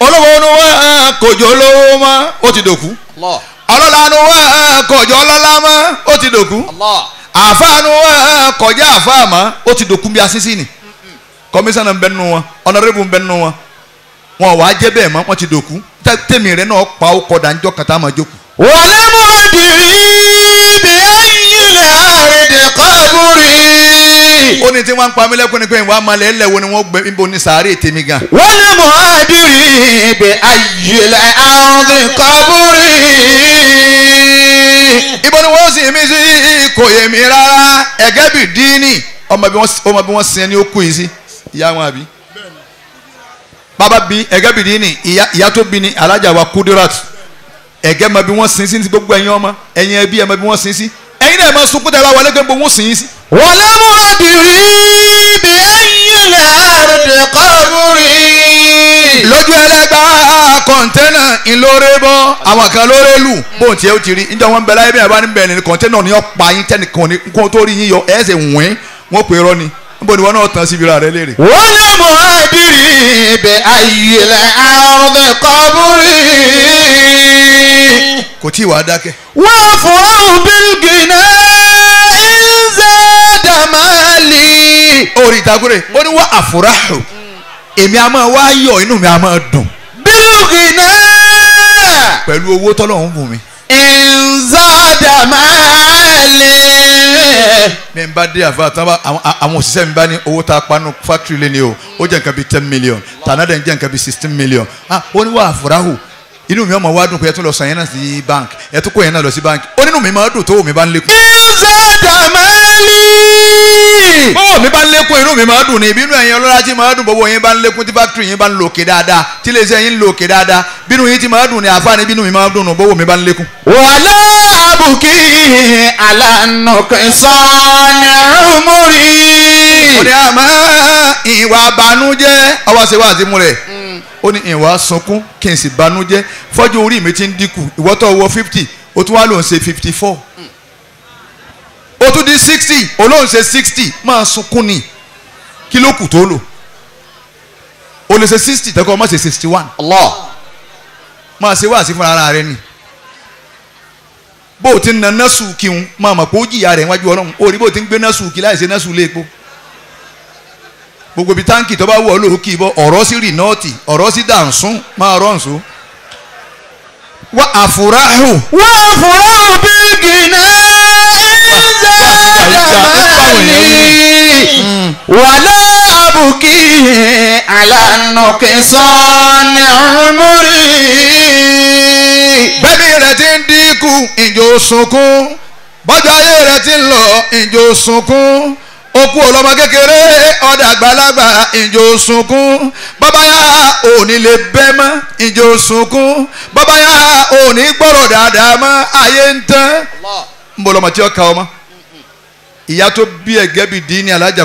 olówó ni wọ́n kòjò olówó mọ́ ó ti dòkú ọlọ́lá ni wọ́n kọjá ọlọ́lá mọ́ ó ti dòkú àáfàá ni wọ́n kọjá àáfàá mọ́ ó ti dòkú bí asísì ni kọmísánná ń bẹ nínú wọn ọ̀nàrẹ́bù ń bẹ nínú wọn wọn ò wá jẹ́ bẹ́ẹ̀ mọ́ wọ́n ti dòkú tèmi rẹ náà pa ó kọdà níjọ́ kan tá a máa jókòó. wàlẹ́ mo dìrí bí ẹyin lè àrèdè káàbùrì. ó ní tí wọ́n ń pa mí lẹ́kùn ni pé ìwà amalẹ̀ ẹ̀ lẹ́wọ̀ ni wọ́n gbé níbo ní sàárè tèmi gan. wàlẹ́ mo dìrí bí ẹyin lè àrèdè káàbùrì. ibo ni wọ́n sì mí sí kò yé mi rárá ẹ̀gẹ́ bìdínì ọmọ bí wọ́n sin ẹni ó kú yìí sí ìyá wọn àbí bàbá bi ẹ̀gẹ́ bìdí ni ìyá tó bi ni alájà wa kudirat ẹ̀gẹ́ ma bi wọ́n sin sí ti gbogbo ẹ̀yin ọmọ ẹ̀yin ẹbí ẹ̀ ma bi wọ́n sin sí náà ma sunkún tẹ̀lé wọlé gbogbo wọ́n sin wọlé mu adìrí bí ẹ̀yin lè àrùn kọ́rùrì. lójú ẹlẹgbà kọ̀ńténà ńlọrẹ́ bọ́ àwọn kan lórí lù bóun tiẹ̀ ó ti rí níjọ́ wọn bẹ̀rẹ̀ ayé bí wọn bá ní bẹ̀rẹ̀ ní kọ̀ńténà ní ọ̀pá yín tẹ́nìkan ní kó tó rí yín yọ ẹ̀ ẹ́ sẹ́ wọ́n pè é rọ́ ni níbo ni wọn náà tán síbi ra rẹ léèrè. wọ́n lè mọ àdìrí ibẹ̀ ayẹlẹ̀ àwọn kọ́búrì. kò tí ì wá dákẹ́. wọ́n fún àwọn bíríkì náà ìzẹ́ dàmálì. orí ìtàkùrẹ̀ ó ní wá àfúráhù èmi a máa wá yọ̀ inú mi a máa dùn. bíríkì náà. pẹ̀lú owó tọ́lọ́run fún mi. ìzẹ́ dàmálì bẹ́ẹ̀. mi bá dé àfa tábà àwọn òṣìṣẹ́ mi bá ní owó tá a panu fákìrì lé ni o ó jẹ́ nǹkan bíi ten million tànà dẹ̀ ń jẹ́ nǹkan bíi sixteen million ah ó ní wà á furahu inú mi ọmọ wa dùn pé ẹ tún lọ sàn yẹn náà sí bank ẹ tún kó yẹn náà lọ sí bank ó nínú mi máa dùn tó wò mí bá ń lékún. ìṣe dàmẹ́lì. bọ́wọ̀ mi bá ń lékún inú mi máa dùn ní bínú ẹ̀yin ọlọ́lá tí máa dùn bọ́wọ́ yín bá ń lékún tí fákítírì yín bá ń lò òkè dáadáa tí iléeṣẹ́ yín ń lò òkè dáadáa bínú yín tí máa dùn ní àfáàní bínú mi máa dùn nù bọ́wọ́ mi bá ń lékún. wàhálà أبكي على نقصان عمري. ó ní àmọ́ ìwà banújẹ́ ọwọ́ ṣe wá àdìmú rẹ̀ mm. ó ní ìwà sunkún kí n sì banújẹ́ fọ́jú orí mi ti ń dínkù ìwọ́tọ̀ wọ fifty ó tún wá lòun ṣe fifty four ó mm. tún di sixty olóhùn ṣe sixty máa sunkún ni kí ló kù tó lò ó lè ṣe sixty tẹ́kọ̀ ọ́ má ṣe sixty one Allah máa ṣe wá sí fúnra ara rẹ ni. bó o na násù kí n máa mọ̀ pé ó jìyà rẹ̀ wájú ọlọ́run ó rí bó ń gbogbo ibi táǹkì tó bá wù ọ́ lòó kì í bọ́ sí rìnọ́ọ̀tì sí dànsún máa wà á wà á fúráhù bí gìnà وأبكيه على نقصان عمري bẹ́ẹ̀ni rẹ̀ ti ń dínkù ìjò sunkún bọ́jọ́ sunkún òní lè sunkún òní dáadáa ayé ń tán bọ̀ lọ́mọ tí ó ka ọmọ ìyá tó bí ẹ̀gẹ́ dín ní alájà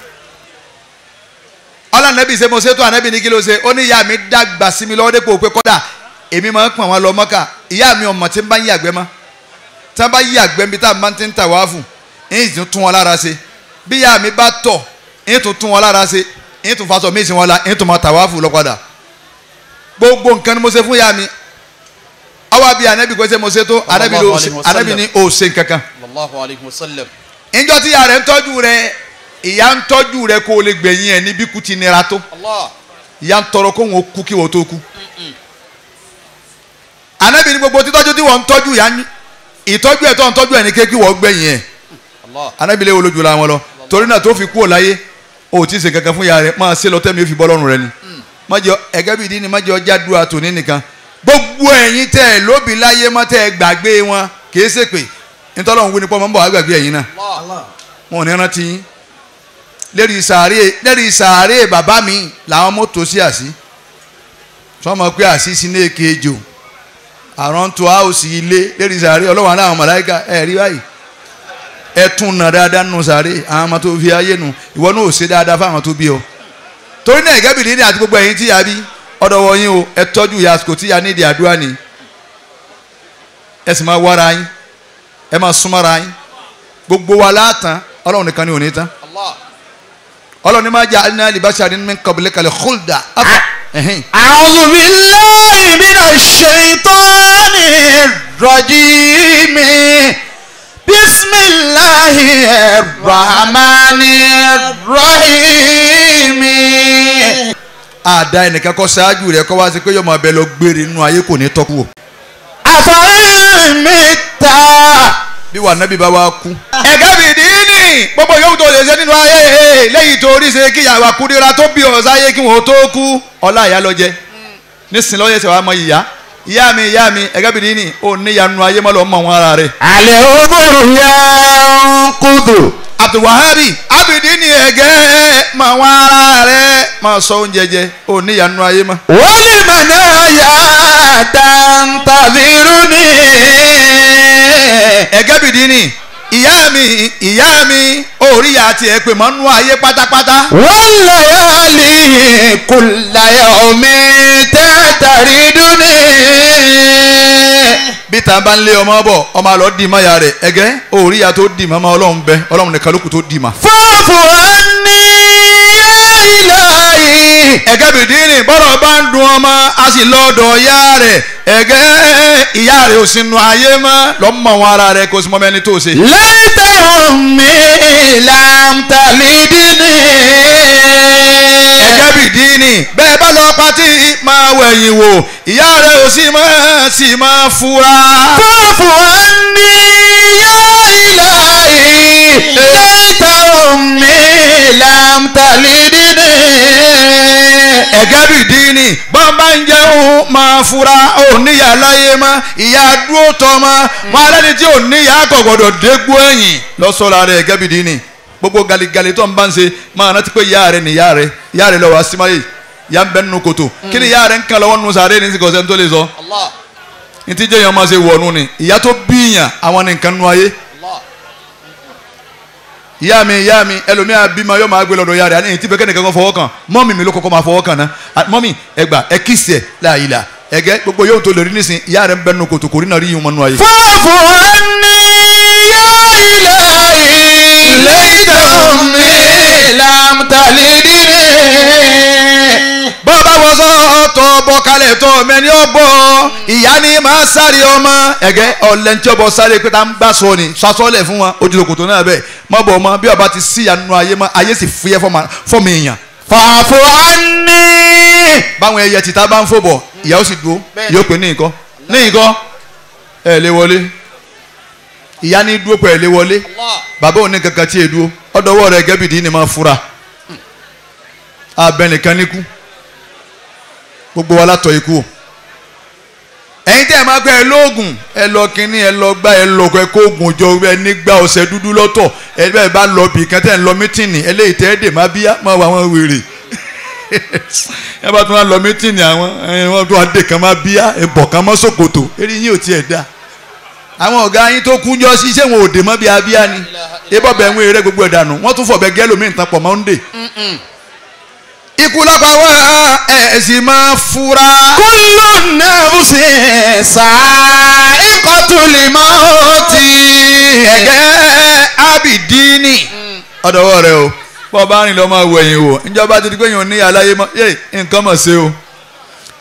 ọlọ́run nẹ́bí ṣe mo ṣètò ànẹ́bí ní kí ló ṣe ó ní ìyá mi dàgbà sí mi lọ́wọ́ dépò pé kọ́dà èmi máa ń pọ̀n wọn lọ mọ́kà ìyá mi ọmọ tí ń bá yí àgbẹ̀ mọ́ tí wọ́n bá yí àgbẹ̀ mi tá a máa ti ń tà wá fún ń tún tún wọn lára ṣe bí ìyá mi bá tọ̀ ń tún tún wọn lára ṣe ń tún faṣọ míì sí wọn la ń tún máa tà wá fún lọ padà gbogbo nǹkan ni mo ṣe fún ìyá mi awo abi anabi ko se mo se to anabi ni o se nkankan. ìjọ tí ìyá rẹ̀ ń tọ́jú rẹ̀ ìyá ń tọ́jú rẹ kó o lè gbẹ̀yìn ẹ̀ níbi kú ti nira tó ìyá ń tọrọ kó wọn kú kí wọn tó kú. anábì ní gbogbo títọ́jú tí wọ́n ń tọ́jú ìyá ní ìtọ́jú ẹ̀ tó ń tọ́jú ẹ̀ ní kékeré wọ́n gbẹ̀yìn ẹ̀ anábì wo lójú la wọn lọ torí náà tó fi kú ò láyé o ò tí ì ṣe kankan fún ìyá rẹ máa ṣe lọ tẹ́mi ó fi bọ́ lọ́rùn rẹ ni mm. májọ ẹ̀gẹ́ bìí ní májọ jádùá tòní nìkan gbogbo ẹ̀yin tẹ́ ẹ lóbi láyé mọ́ tẹ́ ẹ gbàgbé wọn kì í ṣèpè nítorí òun wí ni pọ́ mọ́ ń bọ̀ ẹ̀yin náà wọn ò ní rántí yín lérí sàárè lérí sàárè bàbá mi làwọn mọ́tò sí àsí sọmọ pé àsí sí ní èké ejò àrùn ilé lérí sàárè ọlọ́wọ́n àwọn màláìka ẹ̀ rí báyìí ẹ tún nà dáadáa nù sàárè àwọn ọmọ tó fi ayé nu ìwọ náà ò dáadáa fáwọn tó bí ọ torí náà ìgẹ́bì lílé àti gbogbo tí ya bí ọ̀dọ̀ wọ̀nyí o ẹ tọ́jú ya àsìkò tí ya ní àdúrà ni ẹ sì máa wára yín ẹ máa súnmọ́ra yín gbogbo ni tán. ọlọ́ni máa jẹ́ alina libasa ni mi kọ̀bìlẹ̀ kalẹ̀ kúldà. a'udhu billahi minash shaitani rajim bisimilahi rahmani rahim. àdá ẹnìkan kọ́ ṣáájú rẹ̀ kọ́ wá sí pé yóò máa bẹ lọ gbére nínú ayé kò ní tọ́kù o. àfọyín mi ta. bí wàá nábì bá wa kú. ẹ̀gá mi ní lẹ́yìn gbogbo yòówù tó lè ṣe nínú ayé eh, lẹ́yìn tó rí ṣe kí ìyàwó àkúrira tó bí ọ̀sáyé kí wọ́n tó kú ọlá ìyá lọ jẹ hmm. nísìn lọ́yẹ̀ ṣe wàá mọ ìyá ìyá mi ìyá mi ẹ̀gẹ́ bìrì ní ò ní ayé mọ́ mọ́ wọn ara rẹ̀. àlẹ́ ọgọ́rùn-ún yẹ ń kúndùn. Abdulwahabi abidi ni ẹgẹ ma wọn ara rẹ ma sọ oúnjẹ jẹ ò ní ayé ma. wọ́n lè mà ní ọ̀yà tàǹtàbírú ni. ẹgẹ́ bìrì ní ìyá mi ìyá mi orí àti ẹ̀pẹ̀ mọ́nú ayé pátápátá. wọ́n lọ yá lè omi tẹ́tàrí dúní. bí tá a bá ń lé ọmọ bọ̀ ọmọ àlọ́ dì mọ́ ya rẹ̀ ẹ̀gẹ́ orí àti ó dì mọ́ ọmọ ọlọ́run bẹ ọlọ́run nìkan ló kù tó dì mọ́. fọ́ọ̀fù á ẹ̀gẹ́ bìdínì bọ́rọ̀ bá ń dun ọmọ a sì lọ́dọ̀ ìyá rẹ̀ ẹ̀gẹ́ ìyá rẹ̀ ò sínú ayé mọ́ lọ́mọ wọn ara rẹ̀ kò sí mọ́mọ́ ẹni tó ṣe. lẹ́tẹ̀ omi làǹtàlídìní. ẹ̀gẹ́ bìdínì bẹ́ẹ̀ bá lọ patí máa wẹ̀yìn wò ìyá rẹ̀ ò sì máa sì máa fura. fúnfún á ní. إلهي ليت أمي لم تلدني ẹ̀gẹ́rù ìdí ni bọ́n bá ń jẹun máa fura ò níyà láyé mọ́ ìyá dúró tọ́ mọ́ mm. wọn alẹ́ni tí ò níyà kọ̀gọ̀dọ̀ dégbò ẹ̀yìn lọ́sọ̀rọ̀ rẹ̀ ẹ̀gẹ́rù ìdí gbogbo galigali tó ń bá ń ṣe máa rántí pé ìyá rẹ̀ ni ìyá rẹ̀ ìyá rẹ̀ lọ́wọ́ asimáyé ìyá ń bẹ nínú kòtò mm. kí ni ìyá rẹ̀ ń kan lọ́wọ́ nínú sàárè ní ìsìnkọ̀sẹ́ tó lè sọ ntí jẹ́ yẹn máa ṣe wọ̀nù ni ìyá tó bíyàn àwọn ni nǹkan nu ayé ìyá mi ìyá mi ẹlòmíà bímọ yóò máa gbé lọ́dọ̀ ìyá rẹ̀ àní ìtí bẹ́kẹ́ nìkan kan fọwọ́ kàn mọ́mì mi ló kọ́kọ́ máa fọwọ́ kàn náà mọ́mì ẹgbà ẹ kìsì ẹ láàyè là ẹgẹ gbogbo yóò tó lè rí nísìn ìyá rẹ̀ ń bẹ́nu kòtò rí náà rí yìí mọ́nú ayé. fọ́ọ̀fù ẹni yá ilẹ̀ yìí lẹ́yìn tó mi làmtàlídìrín. bọ́ọ̀bá wọṣọ tó bọ́ kalẹ̀ tó mẹ́ni ó bọ́ ìyá ni máa sáré ọmọ ẹ̀gẹ́ ọ̀lẹ́ tí ó sáré pé tá ń bá sọ ni fún wa ọba ti sí ìyanu ayé ayé sì fúyẹ́ èèyàn. báwọn ẹyẹ tìta bá ń fò bọ̀ ìyá ó sì dúró yóò ní nǹkan ní nǹkan lè wọlé ìyá dúró pẹ̀ lè wọlé gbogbo wa látọ̀ ikú ẹ̀yin tẹ́ ẹ máa gbé ẹ lóògùn ẹ lọ kínní ẹ lọ gbá ẹ lọ ẹ kó oògùn jọ ẹ nígbà ọ̀sẹ̀ dúdú lọ́tọ̀ ẹ bẹ́ẹ̀ bá lọ bì kan tẹ́ ẹ lọ mítìnì eléyìí tẹ́ ẹ dè má bíyá má wà wọ́n wèrè ẹ bá tún wá lọ mítìnì àwọn ẹ wọ́n tún wá dè kan má bíyá ẹ bọ̀ kan mọ́ ṣòkòtò eré yín ò tiẹ̀ dáa àwọn ọ̀gá yín tó kú jọ sí wọn ò dè mọ́ bí abíyá ni ebọ̀bẹ̀ ń wé rẹ gbogbo ẹ̀dànù wọ́n tún fọ̀bẹ̀ gẹ́lòmíì ń tapọ̀ monday ikú lọ́pàá wá ẹ̀ máa fura. kúlò náà ó sì sá ikọ̀ tó lè mọ́ ti ẹ̀gẹ́ abidini hmm. ọ̀dọ̀wọ́ rẹ o bọ́ọ̀ bá rìn lọ máa wọ ẹ̀yìn wò ìjọba ti di pé èèyàn ní aláyé mọ́ yé nǹkan mọ̀ sí o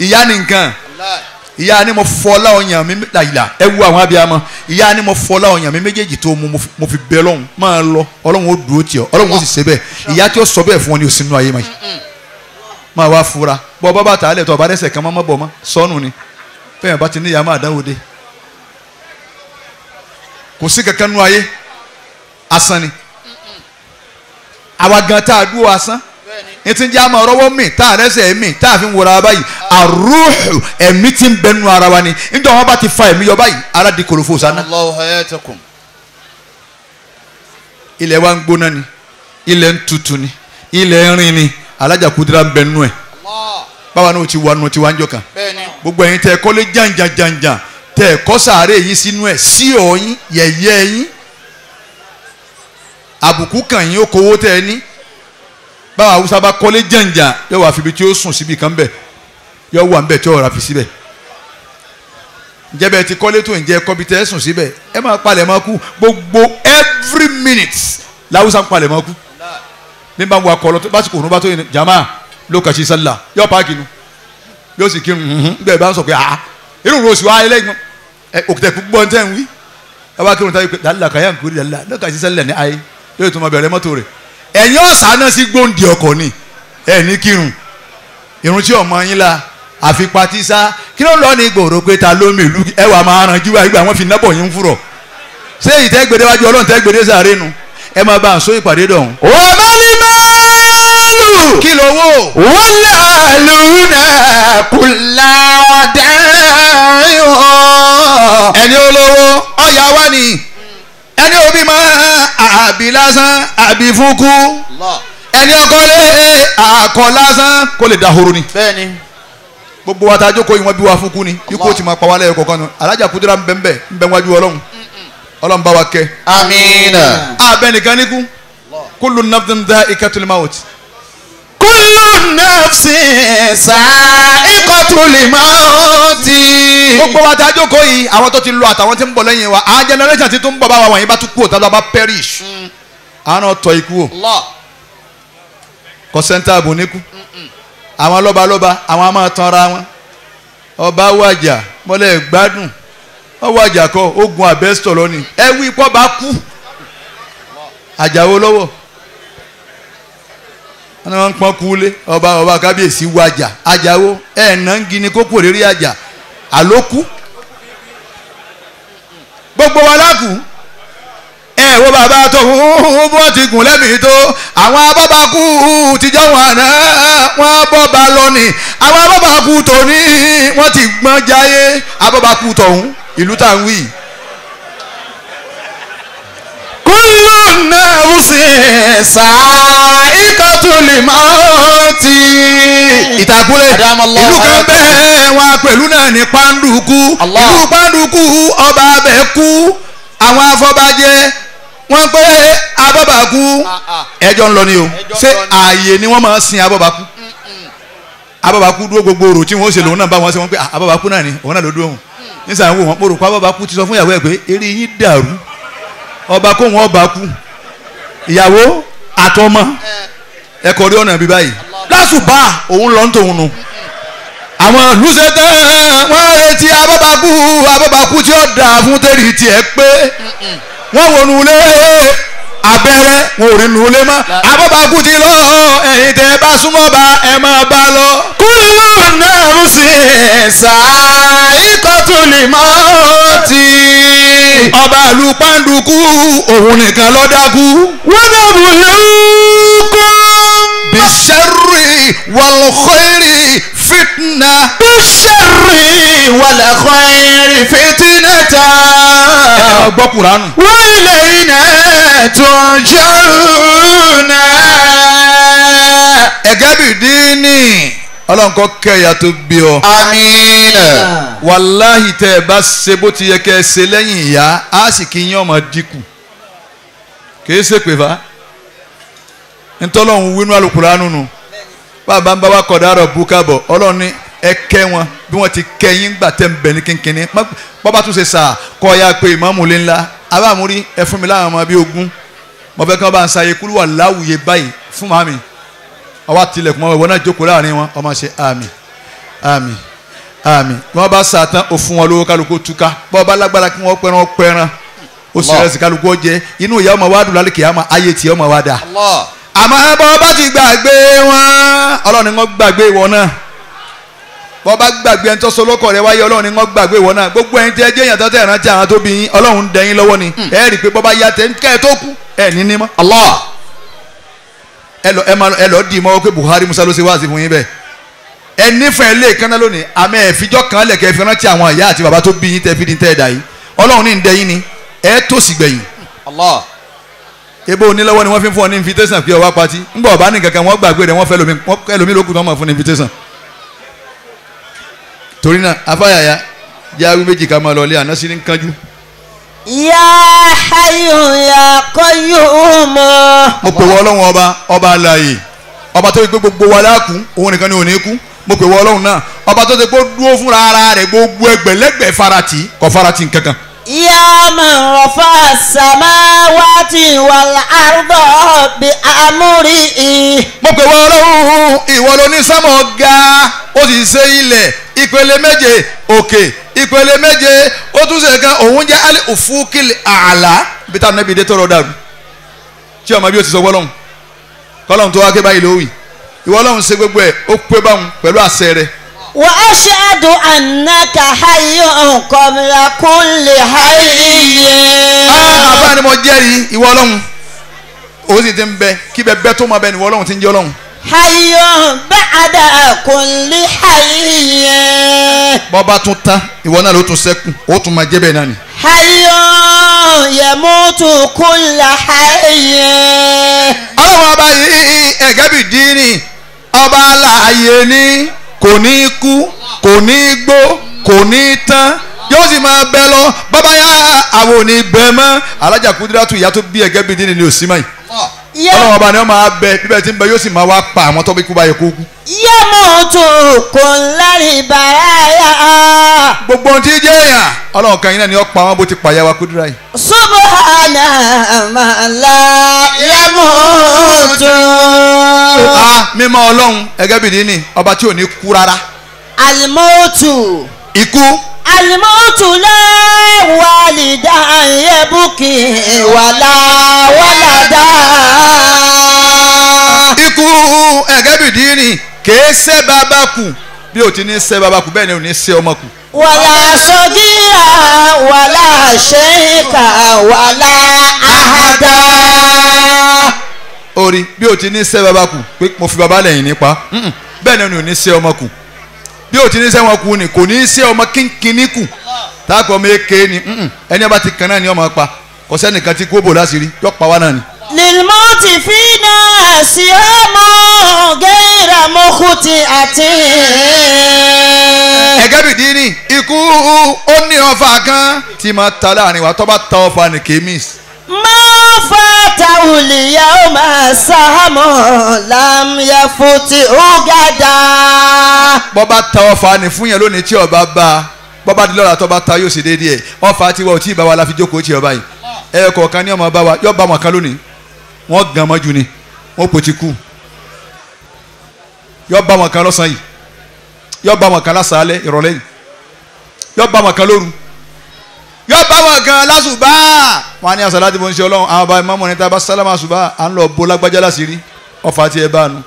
ìyá ni nǹkan ìyá ni mo fọlá ọyàn mi làyìlà ẹ wú àwọn abiyamọ ìyá ni mo fọlá ọyàn mi méjèèjì tó mu mo fi bẹ Ọlọ́run máa lọ Ọlọ́run ó dúró tiẹ̀ Ọlọ́run ó sì ṣe bẹ́ẹ̀ ìyá tí ó sọ bẹ́ẹ̀ fún ọ ní òsínú ayé máa yìí. Hmm, hmm máa wá fura bọ́ bá bàtà alẹ̀ tó ọba dẹ́sẹ̀ kan mọ́ bọ̀ mọ́ sọnù ni bẹ́ẹ̀ bá ti níyà máa dánwò dé kò sí kankan nu ayé asán ni àwa gan tá a dúró asán ní ti ń jẹ́ àmọ́ ọ̀rọ̀wọ́ mi tá a rẹ́sẹ̀ mi tá a fi ń wòra báyìí àrùhù ẹ̀mí ti ń bẹnu ara wa ni níjọ́ wọn bá ti fa ẹ̀mí yọ báyìí ara di kòròfo sanna. ilẹ̀ wa ń gbóná ni ilẹ̀ ń tutù ni ilẹ̀ ń rin ni alájà kudura ń bẹ nínú ẹ̀ báwa náà ti wà nù tiwa ń jọ kan gbogbo ẹ̀yin tẹ́ ẹ kọ́lé jàǹjàǹjàǹjàǹ tẹ́ ẹ kọ́ sàárè yìí sínú ẹ̀ sí ọ̀yìn yẹ̀yẹ́ yín àbùkù kàn yín ó kówó tẹ́ ẹ ní báwa haúsá bá kọ́lé jàǹjàǹ yóò wá fìbi tí ó sùn síbi kan bẹ̀ yóò wà ń tí ó rà fi síbẹ̀ njẹ́bẹ̀ ti kọ́lé tó ń jẹ́ kọ́bi ẹ sùn síbẹ̀ ẹ máa palẹ̀ máa kú gbogbo every minute làwùsá ń palẹ̀ máa kú bí n bá wọ akọ lọ básìkò òun bá tó yin jama lókàṣí sálà yóò paaki nu yóò sì kí nhun bẹ́ẹ̀ bá ń sọ pé ah irú wo sì wá eléyìí òkùtẹ̀ gbọ́ ntẹ́ ń wí ẹ bá kírun táyé pé dàlá kàyà ń kúrì dàlá lókàṣí sálà ní ayé yóò tún ma bẹ̀rẹ̀ mọ́tò rẹ̀ ẹ̀yin ọ̀sà náà sì gbóǹdì ọkọ̀ ni ẹ̀ ní kírun irun tí ọmọ yín la àfi patisa kí ló ń lọ ní gbòòrò pé ta ló mi ìlú ẹ wà máa ràn jú àgbà wọn fi nábọ̀ yín fúrọ̀ ṣé ìtẹ́gbèdéwájú ọlọ́run tẹ́gbèdé sàrénu ẹ máa bá àǹsó ìpàdé dọ̀hún. wọ́n bá kilowo. kí ló wò. wọ́n lọ lùnà kù láwàdà yọ. ẹni olówó ọ̀yà wa ni ẹni òbí ma àbí lásán àbí fúnkú ẹni ọkọlé àkọ lásán kó lè dahoro ni. bẹ́ẹ̀ni gbogbo wa ta jókòó yìí bí wa fúnkú ni ikú ó ti máa pa wá lẹ́yìn kọ̀ọ̀kan nu alájà kúndúrà ń bẹ ń bẹ bá wa kẹ́. amiina. abẹnikan nikú kullu nafdin dha'iqatul kúlù nọ́ọ̀sì sàáìkọ́ tulè mọ́ọ̀tì. gbogbo wa tá jókòó yìí àwọn tó ti lọ àtàwọn tí ń bọ̀ lẹ́yìn wa àwọn generation ti tún bọ̀ bá wa wọ̀nyí bá tún kú òtá lọ́ba perish. Mm. àwọn ọ̀tọ̀ ikú o kọ́sẹ́ńtà àbùníkù àwọn lọ́balọ́ba àwọn a máa tanra wọn ọba wàjà mọ́lẹ̀ gbádùn ọwọ́ àjàkọ́ ogun àbẹ́sítọ̀ lọ́ni ẹ wí pọ́ bá kú àjàwó lọ́wọ́ wọn máa ń pọn kúlé ọba ọba kábíyèsí wájà ajáwó ẹ̀ náà ń gini kókó òrírí àjà àlókù gbogbo wa lákù ẹ wo bàbá tó wọ́n ti gùn lẹ́mìí tó àwọn abọ́bakú tìjọ́ wọn àná wọ́n bọ́ba lọ́nì àwọn abọ́bakú tòní wọ́n ti gbọ́n jáyé abọ́bakú tọ̀hún ìlú tá à ń wí. kúlù nẹ́ẹ̀sì sàáìkọ́tùlìmọ́tì. ìtàkùrẹ́ ìlú kan bẹ́ẹ̀ wá pẹ̀lú náà ní pàǹdùkú ìlú pàǹdùkú ọba abẹ kú àwọn afọbajẹ wọ́n pé abọ́bàkú ah, ah. ẹjọ́ ń lọ ni o ṣé ààyè ni wọ́n máa sin abọ́bàkú abọ́bàkú dúró gbogbo orò tí wọ́n ṣe lòun náà bá wọn ṣe wọ́n pé ah, abọ́bàkú náà ni òun náà ló dúró hùn mm. nísàlẹ̀ wò wọ́n pòrò pa abọ́bàkú ti sọ fún ìyàwó ẹ̀ pé eré yín dàrú ọba kóhun ọba kú ìyàwó àtọmọ ẹkọ rí ọ̀nà bí báyìí lásùbà òun lọ ń tòun nu àwọn lùsẹ̀tẹ̀ wọ́n retí abọ́bakú abọ́bakú tí ó dà fún tẹ̀rì tiẹ̀ pé wọ́n wò nulẹ̀ abẹ́rẹ́ wọn ò rí nulẹ̀ mọ́ abọ́bakú ti lọ ẹ̀yin tẹ́ bá súnmọ́ bá ẹ máa bá lọ. kúlù náà ń sìn ṣáà ikọ̀ tó lè mọ́ ti ọba ìlú pàǹdùkú òun nìkan ló dákú. wọ́n náà mú lórúkọ. bisharri wal khairi fitna. bisharri wal khairi fitna ta. ẹ gbọ́ kuranu. wa ilayna turja'una. ẹ̀gẹ́ bìdí ni ọlọ́run kọ́ kẹ́yà tó gbé ọ. amiina. wàláhì tẹ́ ẹ bá ṣe bó ti yẹ kẹ́ ẹ ṣe lẹ́yìn ìyá á sì kí yín ọmọ dínkù kìí ṣe pè fá ntọ́lọ́run wínú alukuraanu nù bàbá ń bá wa kọ̀dá rọ̀ bú kábọ̀ ọlọ́run ní ẹ kẹ́ wọn bí wọ́n ti kẹ́ yín gbà tẹ́ ń bẹ̀ ní kínkínní bọ́bá tún ṣe sà kọ́ ya pé ìmọ̀ọ́mù lé ńlá abáàmúrí ẹ fún mi láwọn ọmọ bíi ogún mo fẹ́ kí wọ́n bá ń sa ayé kúrú wà láwùyé báyìí fún màmí àwa tilẹ̀kùn wọn náà jókòó láàrin wọn ọmọ ṣe àmì àmì àmì wọn bá sàtán ó fún wọn lówó kálukú túká bọ́ọ̀ bá lágbára kí wọ́n ó sì kálukú jẹ inú ìyá ọmọ wa dùn lálẹ́ kìyàmọ́ ayé tiẹ̀ ọmọ wa dà àmọ́ bọ́ bá ti gbàgbé wọn Ọlọrun ni wọ́n gbàgbé wọn náà bọ́ bá gbàgbé ẹni tó rẹ wáyé wọn náà gbogbo ẹni àwọn yín lọ́wọ́ ni hmm. ẹ rí i pé bọ́ bá yá ń kẹ́ ẹ tó kú ẹ ní ní ẹ lọ ẹ máa ẹ lọ dì mọ́ pé Buhari Musa ló ṣe wáàsí fún yín bẹ́ẹ̀ ẹ nífẹ̀ẹ́ lè kánná lónìí àmọ́ ẹ fijọ́ kan lẹ̀ kẹ́ ẹ fi rántí àwọn ìyá àti bàbá tó bí yín tẹ́ fi di tẹ́ ẹ yìí Ọlọ́run ní ìdẹ́yìn ni ẹ tó sì gbẹ̀yìn Allah ebo onílọ́wọ́ ni wọ́n fi ń fún ọ ní invitation pé ọwá pati ńgbọ̀ ọba ní kankan wọ́n gbàgbé rẹ̀ wọ́n fẹ́ lomi wọ́n fẹ́ lomi lókùn tó máa fún ní invitation torí náà afáyàyà jẹ́ àwọn méjì ká máa lọ ilé àná sí ní kánjú yá hayyu yá qayyum. mo pè wọ ọlọ́run ọba ọba àlàyé ọba tó yẹ pé gbogbo wa láàkú òun nìkan ni ò ní kú mo pè wọ ọlọ́run náà ọba tó yẹ pé dúró fúnra ara rẹ̀ gbogbo ẹgbẹ̀lẹ́gbẹ̀ farati kò farati nkankan. yá man rafa samawati wal arda bi amri. mo pè wọ ọlọ́run ìwọ ló ní sámọ̀ ga ó sì ṣe ilẹ̀ ìpele méje òkè. Okay ìpele méje ó tún ṣe kan òun jẹ́ alẹ́ òfúkìlì àlá bí táwọn ẹbí dé tọrọ dàrú tí ọmọ bí o ti sọ gbọ́lọ́hún kọ́lọ́hún tó wá ké báyìí lówì ìwọ ọlọ́hún ṣe gbogbo ẹ̀ ó pé báwọn pẹ̀lú àṣẹ rẹ̀. wa ashhadu annaka hayyun qabla kulli hayyin. Ah, àbá ni mo jẹ́rìí ìwọ ọlọ́hún òun sì ti ń bẹ kí bẹ bẹ tó máa bẹ ni ìwọ ti ń jẹ́ ọlọ́hún hayọ̀ bàdà kùnlé hayẹ̀. bọ́ba tún tán ìwọ náà ló tún sẹ́kù ó tún máa jẹ́ bẹ́ẹ̀ náà ni. hayọ̀ yẹ̀mútu kùnlé hayẹ̀. ọlọ́run ọba yìí ẹ̀gẹ́ bìí dín ní ọba aláàyè ni kò ní kú kò ní gbó kò ní tán yóò sì máa bẹ lọ bàbá yá àwọn ò ní bẹ mọ́ alájà kúndínlá tún ìyá tó bí ẹ̀gẹ́ bìí dín ní òsínmáyì ọlọ́wọ́ ọba ni wọ́n máa bẹ bíbẹ̀ tí ń bẹ yóò sì máa wá pa àwọn tó bí kú bá yẹ kó kú. yẹ́mọ̀ tó kò lárí bàráyà. gbogbo ohun tí jẹ́ èèyàn ọlọ́run kan yín náà ni ó pa wọ́n bó ti pàyà wa kúdúrà yìí. subhana mala yẹ́mọ̀ tó. a mímọ́ ọlọ́run ẹgẹ́ bìdí ni ọba tí ò ní kú rárá. alimotu. ikú alimotula walida yebuki wala walada. ikú ẹ̀gẹ́ bìdí ni kèé sẹ́ bàbá kù bí o ti ní sẹ́ bàbá kù bẹ́ẹ̀ ni o ní sẹ́ ọmọ kù. wàlà sọgíyà wàlà ṣẹ́yìnkà wàlà àhàdà. orí bí o ti ní sẹ́ bàbá kù pé mo fi bàbá lẹ́yìn nípa bẹ́ẹ̀ ni o ní sẹ́ ọmọ kù bí o ti ní sẹ́wọ̀n kú ni kò ní í sẹ́ ọmọ kínkínní kù táàkì ọmọ èké ni ẹni ọba ti kàn náà ni ọmọ pa kò sẹ́nìkan ti kó láṣìírí yọ pa wá náà ni. lilmọ́tì fínà sí ọmọ gẹ́rà mọ́kùtì àti. ẹ̀gẹ́ bìdí ni ikú ó ní ọfà kan tí máa ta láàrin wa tó bá ta ọfà ni kèémìs. máa fàtàwùlìyà ó máa sáhámọ́ lámúyẹ fún ti ó gàdá. bọ́ba ta ọfà ni fún yẹn lónìí tí ọba bá a bọ́ba di lọ́la tọ́ba ta yóò ṣe déédéé ọfà tiwa tí ì la fi jókòó tiẹ̀ báyìí ẹ̀ kọ̀ọ̀kan ní ọmọ bá wa yọ̀ọ́ bá wọn kan lónìí wọ́n gan mọ́jú ni wọ́n pò ti kú yọ̀ọ́ bá wọn kan lọ́sàn yìí yọ̀ọ́ bá wọn kan lásàálẹ̀ ìrọ̀lẹ́ yìí yọ̀ọ́ bá wọn kan lóru yóò bá wọn gan lásùbà wọn á ní àṣàlá tí mo ń ṣe ọlọ́run àwọn bàbá ìmọ̀mọ́ ní tábà sálámà àṣùbà à ń lọ bo lágbájá láṣìírí ọfà tí ẹ bá nu.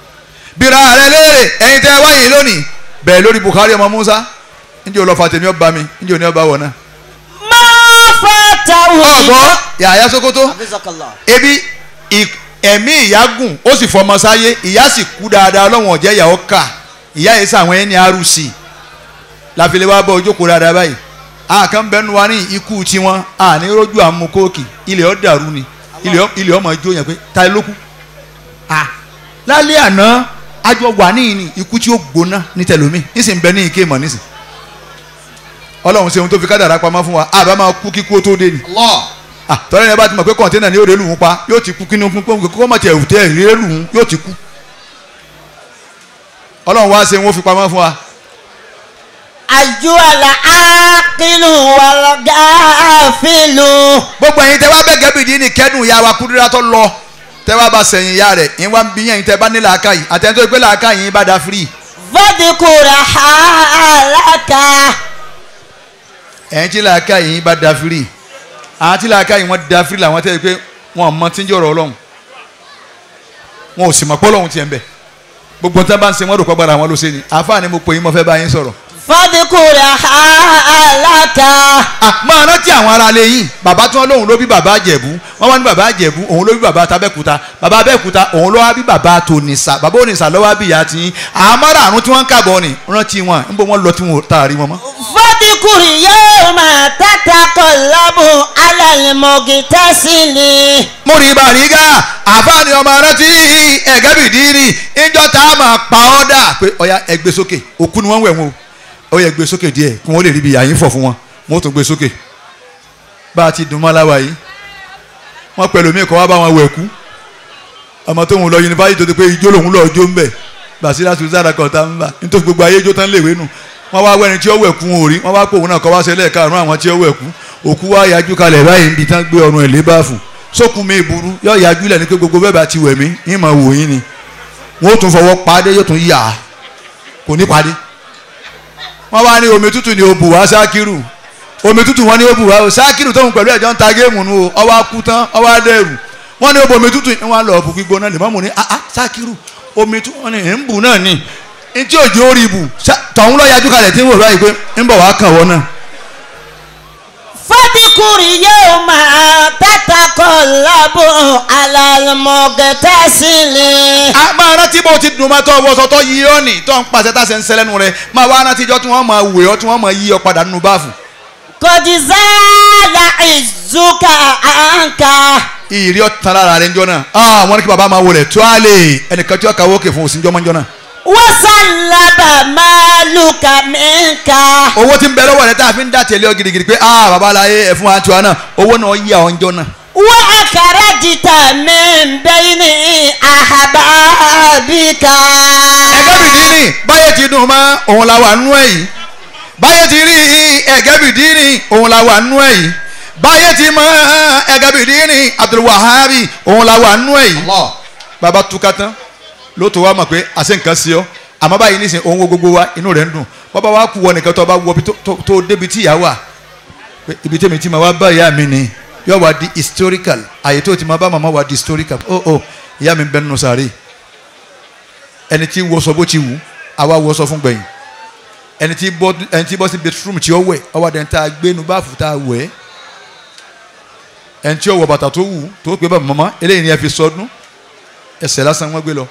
bíra rẹ léèrè ẹ̀yin tẹ wáyé lónìí bẹ́ẹ̀ lórí Bukhari ọmọ Musa njẹ́ olọ́fà tèmi ọba mi njẹ́ òní ọba wọ̀ náà. máa fa tàwọn. ọgbọ yàyà Sokoto ebi ẹ̀mí ìyágùn ó sì fọmọ sáyé ìyá sì kú dáadáa ọlọ́wọ̀n ọ̀jẹ́ ìyàwó ká ìyá yìí sàwọn ẹni arúsì láfi lè wá bọ́ ojókòó dáadáa báyìí a ah, wa ní ikú tiwọn àní ah, rójú àmukóòkì ilẹ̀ ọ̀ dàrú ni ilẹ̀ ọmọ ijó yẹn pé ta ló a ah, lálẹ́ àná ajọ wà níyìn ni ikú tí ó gbóná ní tẹlomi nísìnyí bẹ ní ike mọ̀ nísìn ọlọ́run ṣeun tó fi kádàrá pamọ́ fún wa àbá máa kú kíkú tó dé ni tọ́lá yẹn bá ti mọ̀ pé ni yóò rẹ́ lù pa yóò ti kú kínú pínpín kó kọ́ mọ̀ tẹ̀ ẹ̀wù rẹ́ fi pamọ́ fún wa àjò àlà ákìlù wàlọ́gà fìlù. gbogbo ẹ̀yin tẹ́ wá bẹ́ẹ̀ gẹ́bìdì ní kẹ́dùn ìyá wa kúndúrà tó lọ tẹ́ wá bá sẹ̀yìn ìyá rẹ̀ ìyẹn wá ń bí yẹn tẹ́ bá ní làákà yìí àtẹ̀ntó ìpè làákà yìí bá da firi. fọ́dìkùrà àlàkà. ẹ̀yin tí làákà yìí bá da firi àwọn tí làákà yìí wọ́n da firi làwọn tẹ́ pé wọn mọ tí ń jọ̀rọ̀ ọlọ́run wọn ò sì mọ̀ pé ọlọ́run tiẹ̀ ń bẹ̀ gbogbo tí wọ́n bá ń ṣe wọ́n rò pọ̀ gbára wọn ló ṣe ni àáfàá ni mo pè yín mo fẹ́ bá yín sọ̀rọ̀ fọ́díkùrẹ́ aláta. máa rántí àwọn ará ilé yìí bàbá tí wọ́n lóun ló bí bàbá àjẹ̀bú wọ́n wá ní bàbá àjẹ̀bú òun ló bí bàbá tabẹ́kúta bàbá abẹ́kúta òun ló wá bí bàbá tòníṣà bàbá oníṣà ló wá bí ìyá tí àmọ́ra àrùn tí wọ́n ń kàbọ̀ ni rántí wọn ń bọ́ wọn lọ tí wọn ò taari wọn mọ́. fọ́díkùrẹ́ yóò máa tata kọ lábò alálẹ́mọ̀gì tẹ́sílì. mo rí bàrígà àbáni ọmọ rántí ẹ̀gẹ́bìdì ni ìjọ tá a máa pa ọ́ dà pé ọ̀ya ẹgbẹ́ sókè òkú ni wọ́n wẹ̀ wọn o ó yẹ gbé sókè díẹ̀ kí wọ́n lè rí ibi àyín fọ̀ fún wọn wọ́n tó gbé sókè bá a ti dùn mọ́ aláwa yìí wọ́n pẹ̀lú mi kọ́ wá bá wọn wẹ̀ kú ọmọ tóun lọ yunifásitì tó ti pé ijó lòun lọ́ọ́ jó ń bẹ̀ bàṣírà sùsàrà kọ̀ọ̀tà ń bà nítorí gbogbo ayé jó tán léwé nù wọ́n wá wẹ́ni tí ó wẹ̀ kú wọn ò rí wọ́n wá pòun náà kọ́ wá ṣẹlẹ̀ karùn-ún àwọn tí ó wẹ̀ kú òkú wá yájú kalẹ̀ báyìí níbi tán gbé ọrùn ẹ̀lẹ́ bá fún sókun mi ìburú yóò yájú lẹ̀ ní pé gbogbo bẹ́ẹ̀ bá ti wẹ̀ mí ìmọ̀ wò yín ni wọ́n ó tún fọwọ́ padé yóò tún yà á kò ní padé wọ́n wá ní omi tútù ni ó bù wá sákìrù omi tútù wọn ni ó bù wá sákìrù tóun pẹ̀lú ẹ̀jọ́ ń ta géèmù nu o ọwọ́ akú tán ọwọ́ adẹ́rù wọ́n ní ó omi tútù ni wọ́n lọ bù gbígbóná lè mọ́mù ní ah, ah sákìrù omi tútù wọn ni ń bù náà ni ntí òjò rí bù tọ̀hún lọ́ọ́ yájú kalẹ̀ tí ń wò báyìí pé ń bọ̀ wá kàn wọ́n náà kúrì yóò máa tẹ́tàkọ́ lábọ̀ alálmọ̀gẹ́tẹ́sílẹ̀. a máa rántí bó ti dùn máa tọ́ wọ́sọ tó yí ọ́ nì tó ń pàṣẹ táṣẹ ń sẹlẹ́nu rẹ̀ máa wá rántí ijọ́ tí wọ́n máa wẹ̀ ọ́ tí wọ́n máa yí ọ padà nínú báàfù. kòjìzá la ìzúkà àǹkà. ìrì ọ̀tàn lára rẹ̀ ń jọ náà àwọn ah, ní kí bàbá máa wọlé tó a lè ẹnìkan tí wọ́n kàwé òkè fún òsínjọ́mọ́njọ́ náà wọ́sàlábà máa lùkà mẹ́ka. owó tí ń bẹ lọ́wọ́ rẹ tá a fi ń dà tẹ̀lé gidigidi pé ah babaláyé ẹ̀ fún wa tiwa náà owó náà yí àwọn jọ náà wọ́n àkàrà jìtà mẹ́ńbẹ́ ní àhàbàbíkà. ẹ̀gẹ́ bìdínì báyẹ̀ ti dùn mọ́ òun la wà nú ẹ̀ yìí báyẹ̀ ti rí ẹ̀gẹ́ bìdínì òun la wà nú ẹ̀ yìí báyẹ̀ ti mọ́ ẹ̀gẹ́ bìdínì Abdul òun la wà nú ẹ̀ yìí bàbá tuka ló tó wá mọ̀ pé àṣẹ nǹkan sí ọ àmọ́ báyìí nísìn òun wo gbogbo wa inú rẹ̀ ń dùn bọ́bá wa kú wọ nìkan tó bá wọ tó débi tí ìyá wà ibi tẹ́mi tí ma wá bá ìyá mi ni yóò wá di historical àyè tó ti ma bá màmá wá di historical ó oh, ó oh, ìyá mi bẹ́ẹ̀ nù sàárè ẹni tí wọ́sọ bó ti wù àwa wọ́sọ fún gbẹ̀yìn ẹni tí bọ́ ẹni tí bọ́ sí bedroom tí ó wẹ̀ ọwọ́ adẹ́ni tá a gbé nu báàfù tá a wẹ̀ ẹni tí ó wọ bàtà tó wù tó pé bàbá màmá eléyìí ni ẹ fi sọdún ẹsẹ̀ lásán wọ́n gbé lọ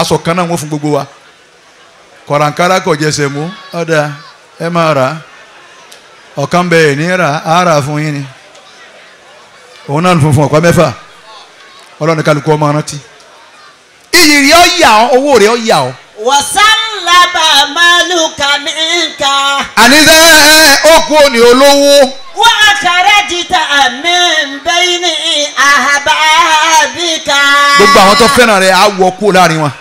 aṣọ kan náà wọ́n fún gbogbo wa kọ̀rànkárá kò jẹsẹ̀ mú ọ̀dà ẹ máa rà ọ̀kan ní rà fún yín ni òun náà funfun ọ̀pá mẹ́fà ọlọ́ni kálukú ọmọ rántí iyì rẹ̀ ọ́ yà ọ owó rẹ̀ ọ́ yà ọ́. wàsálàbà málùkà mìíkà. okùn òní olówó. jìtà bẹ́ẹ̀ ni àhàbà gbogbo àwọn tó fẹ́ràn rẹ̀ á wọ kú láàrin wọn.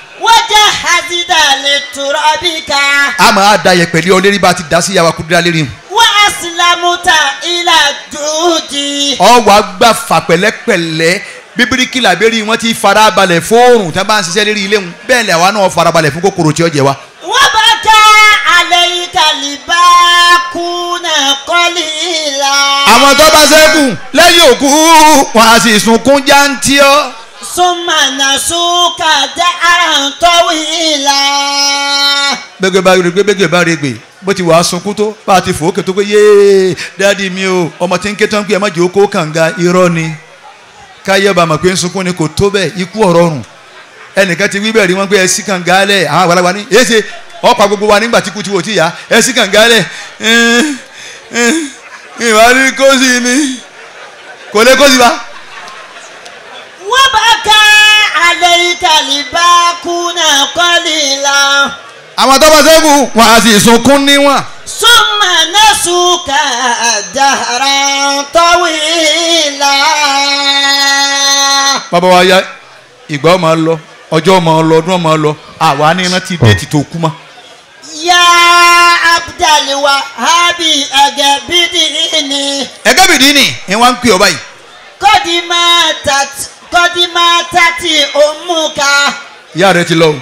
hasida lè tura bí ká. a máa da yẹ pẹ̀lú ọlẹ́rìí bá ti dá sí yàrá kúndúrà lérí. wá asilamuta ilà dùjì. ọ wàá gbà fà pẹ̀lẹ́pẹ̀lẹ́ bíbíríkì làbẹ́rì wọn ti farabalẹ̀ fóòrùn tí wọn bá ń ṣiṣẹ́ lérí ilé wọn bẹ́ẹ̀ lẹ́wọ̀n náà farabalẹ̀ fún kòkòrò tí ó jẹ wa. wọ́n bá dá alẹ́ yìí kàlíbá kùnà kọ́lì ìlà. àwọn tó bá ṣẹ́kù lẹ́yìn òkú wọn á sì sunkún jántí ثم نسوك دعرا طويلا gbẹgbẹ bá rí gbẹ gbẹgbẹ bá rí gbẹ bó ti wàá sunkún tó bá a ti fò ó kè tó pé yéé dáàdi mi o ọmọ tí ń ké tán pé ẹ má jẹ́ ó kànga irọ́ ni káyé bá mọ̀ pé ń sunkún ni kò tó bẹ́ẹ̀ ikú ọ̀rọ̀ rùn ẹnìkan ti wí bẹ́ẹ̀ rí pé kànga àwọn àgbàlagbà gbogbo wa nígbà tí kú ti wò ti yá kànga mi kò lè wọ́n bá ká alẹ́ ìtàlí bá kúnà kọ́lì la. àwọn tó bá sẹ́kù wọn a sì sunkún níwọ̀n. súnmọ́ náà sùkà àjàrà tọ́wìlà. bàbá wa ya ìgbà ọmọ lọ ọjọ́ ọmọ lọ ọdún ọmọ lọ àwa ní rántí déètì tó kú mọ́. yá abdali wahabi ẹgẹbidi ni. ẹgẹbidi ni ẹ wá ń pè ọ báyìí. kọ́dí máa tàtí kọ́dímà tàtì òmùka. ìyá rẹ ti lọ o.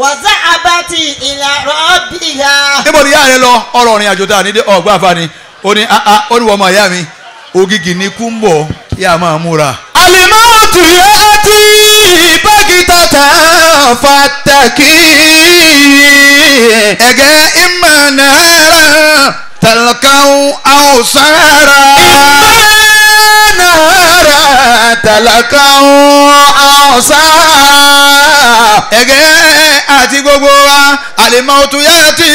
wàzà abati ìlàrọ̀ bìyà. níbo ni ìyá rẹ lọ ọ̀rọ̀ ọ̀rìn àjò tá a ní dé ọgbà àfààní ó ní aa ah, ah, ó ní wọ́n máa yá mi ògìgì ní kú ń bọ̀ kí a máa múra. àlìmọ́tò yẹ ti bákítà tán fàtàkì ẹ̀gẹ́ ìmọ̀ náírà tẹ̀lẹ́kàn àwòsàn rà tàlàkà ọ̀sà. ẹ̀gẹ́ àti gbogbo wa àlèmọ́tò yá ti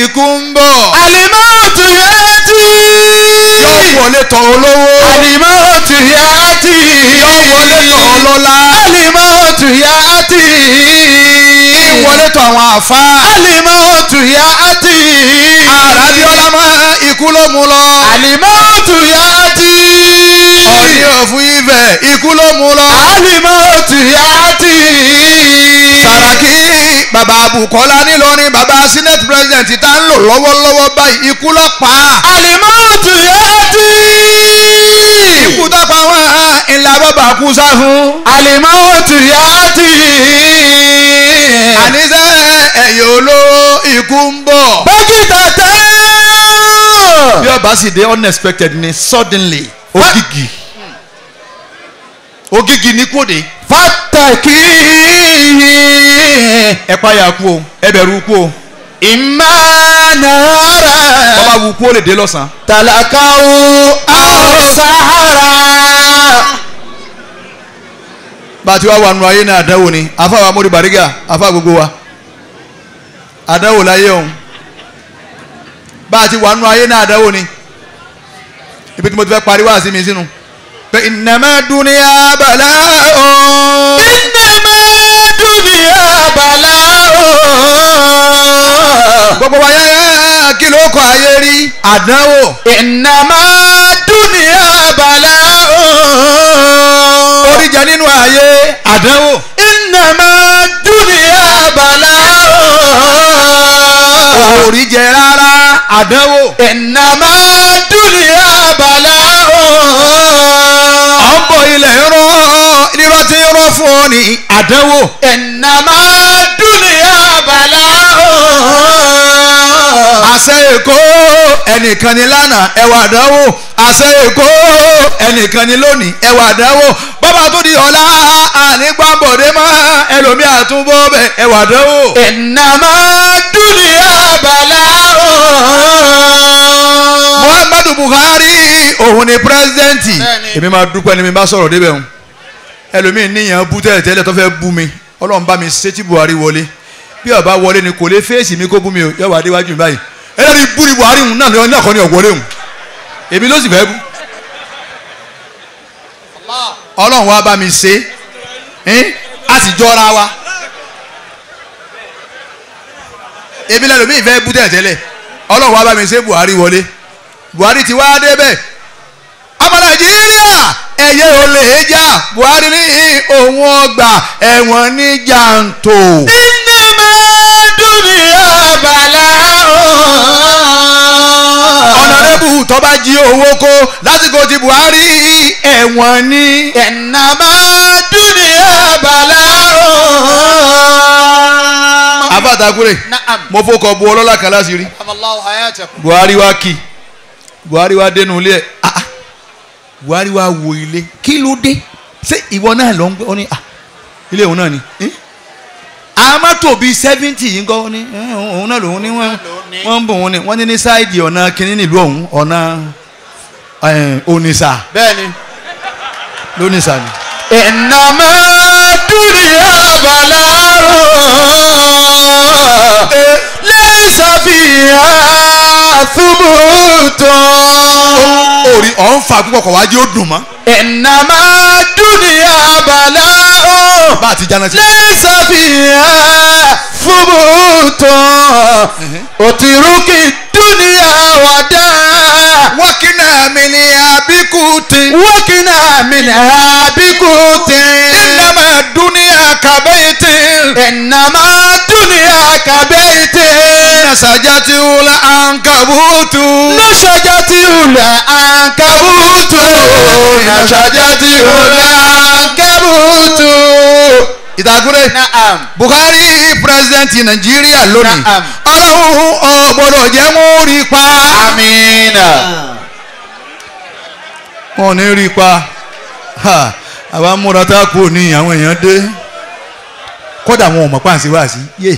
ikú ń bọ̀. àlèmọ́tò yá ti. yóò wọlé tọ̀ olówó. àlèmọ́tò yá ti. yóò wọlé tọ̀ ọlọ́lá. àlèmọ́tò yá ti. ìwọlé tọ̀ àwọn àfa. àlèmọ́tò yá ti. àràbíọ́lá máa ikú ló mú lọ. àlèmọ́tò yá ti bẹ́ẹ̀ ikú ló mú lọ. àlìmọ́ ti yá tì í. Sàràkí bàbá Bùkọ́lá nílọrin bàbá senate president tá ń lò lọ́wọ́lọ́wọ́ báyìí ikú ló pa. àlìmọ́ ti yá tì í. ikú tó pa wọn ìlà bàbá kú sá fún. àlìmọ́ ti yá tì í. àníṣe ẹ̀yìn olóró ikú ń bọ̀. dókítà tẹ́. bí ọba sì dé unexpected ni suddenly ògìgì ogigi ní kòde. fàtàkì ẹ páyà kú o ẹ bẹ̀rù kú o. ìmánara. bàbá wù kú ó lè dé lọ́sàn. tàlàkà o àrùsára. bàtí wàá wà nù ayé náà àdáwò ni àfáwà mórí bàrígà àfáà gbogbo wa àdáwò láyé òun bàtí wà nù ayé náà àdáwò ni ibi tí mo ti fẹ́ parí wá sí mi sínú. Si إنما الدنيا بلاء إنما الدنيا بلاء gbogbo wa yáyá kí ló kọ ayé rí àdánwò. إنما دنيا بلاء. orí jẹ nínú ayé àdánwò. إنما دنيا بلاء. orí jẹ rárá àdánwò. إنما. fún ni àdánwò. ẹ̀nàmá dúnìyà bàlá o. àṣẹ èkó ẹnìkan ni lánàá ẹwà àdánwò àṣẹ èkó ẹnìkan ni lónìí ẹwà àdánwò bọ́bá tó di ọ̀la ànígbàbọ̀dé mọ́ ẹlòmí àtúbọ̀ bẹ ẹwà àdánwò. ẹ̀nàmá dúnìyà bàlá o. Muhammadu Buhari òun ni pírẹsidẹ́ǹtì èmi máa dúpẹ́ ni mi bá sọ̀rọ̀ débẹ̀ hùn. ẹlòmíín níyàn bú tẹ́lẹ̀ tẹ́lẹ̀ tó fẹ́ mi ọlọ́run bá mi Buhari wọlé bí ọba wọlé ni kò lè mi kó bú mi o yọ wà déwájú mi báyìí ni Buhari hùn náà ní ọkọ ni ọ̀wọ́lé hùn èmi ló sì fẹ́ bú ọlọ́run wa bá mi ṣe a sì jọra wa èmi fẹ́ bú tẹ́lẹ̀ tẹ́lẹ̀ ọlọ́run mi Buhari wọlé Buhari ti wá débẹ̀ ọmọ Nàìjíríà. ẹyẹ olè eja buhari ní òun ọgbà ẹ̀wọ̀n ní jàǹtò. iná máa dùn tó bá jí owó kó lásìkò ti buhari ẹ̀wọ̀n ní. ẹ̀nà máa mo fọkọ bu ọlọ́lá kan láti rí buhari wa kì buhari wa dénú ilé ah, buhari wá wo ilé kí ló dé ṣé ìwọ náà ló ń gbé ọ ní ilé òun náà ni amato bíi seventy yìí ń kọ́ ọ ní òun náà lòun ní wọ́n ń bọ̀ wọ́n ní wọ́n ní ní sáìdì ọ̀nà kínní nílùú ọ̀hún ọ̀nà onisa bẹ́ẹ̀ni lónìsa ni. ìnàmá dúnìyà bàlárò lẹ́sàbíyà túbùtù. orí ọ̀ fa púpọ̀ kọ̀ wá ó dùn mọ́. ìnàmá dúnìá bàlá o. bá a ti jáná sí. lẹ́sà fi hàn túbùtù. Mhm. òtírùkì dúnìá wà dá. wákìnà mi ni àbíkú ti. mi ni àbíkú ti. ìnàmá dúnìá kàbẹ́yìí ti. ìnàmá dúnìá kàbẹ́yìí ti na sajati wula ankabutu. na sajati wula ankabutu. na sajati wula ankabutu. Naam. Buhari president Nàìjíríà lónìí ọlọ́run ọ̀gbọ́dọ̀ jẹ́ mú rí pa. amiina. wọn ò ní rí pa àwa múra tá a kú ní àwọn èèyàn dé kódà wọn ò mọ̀ pàǹsí wá sí yé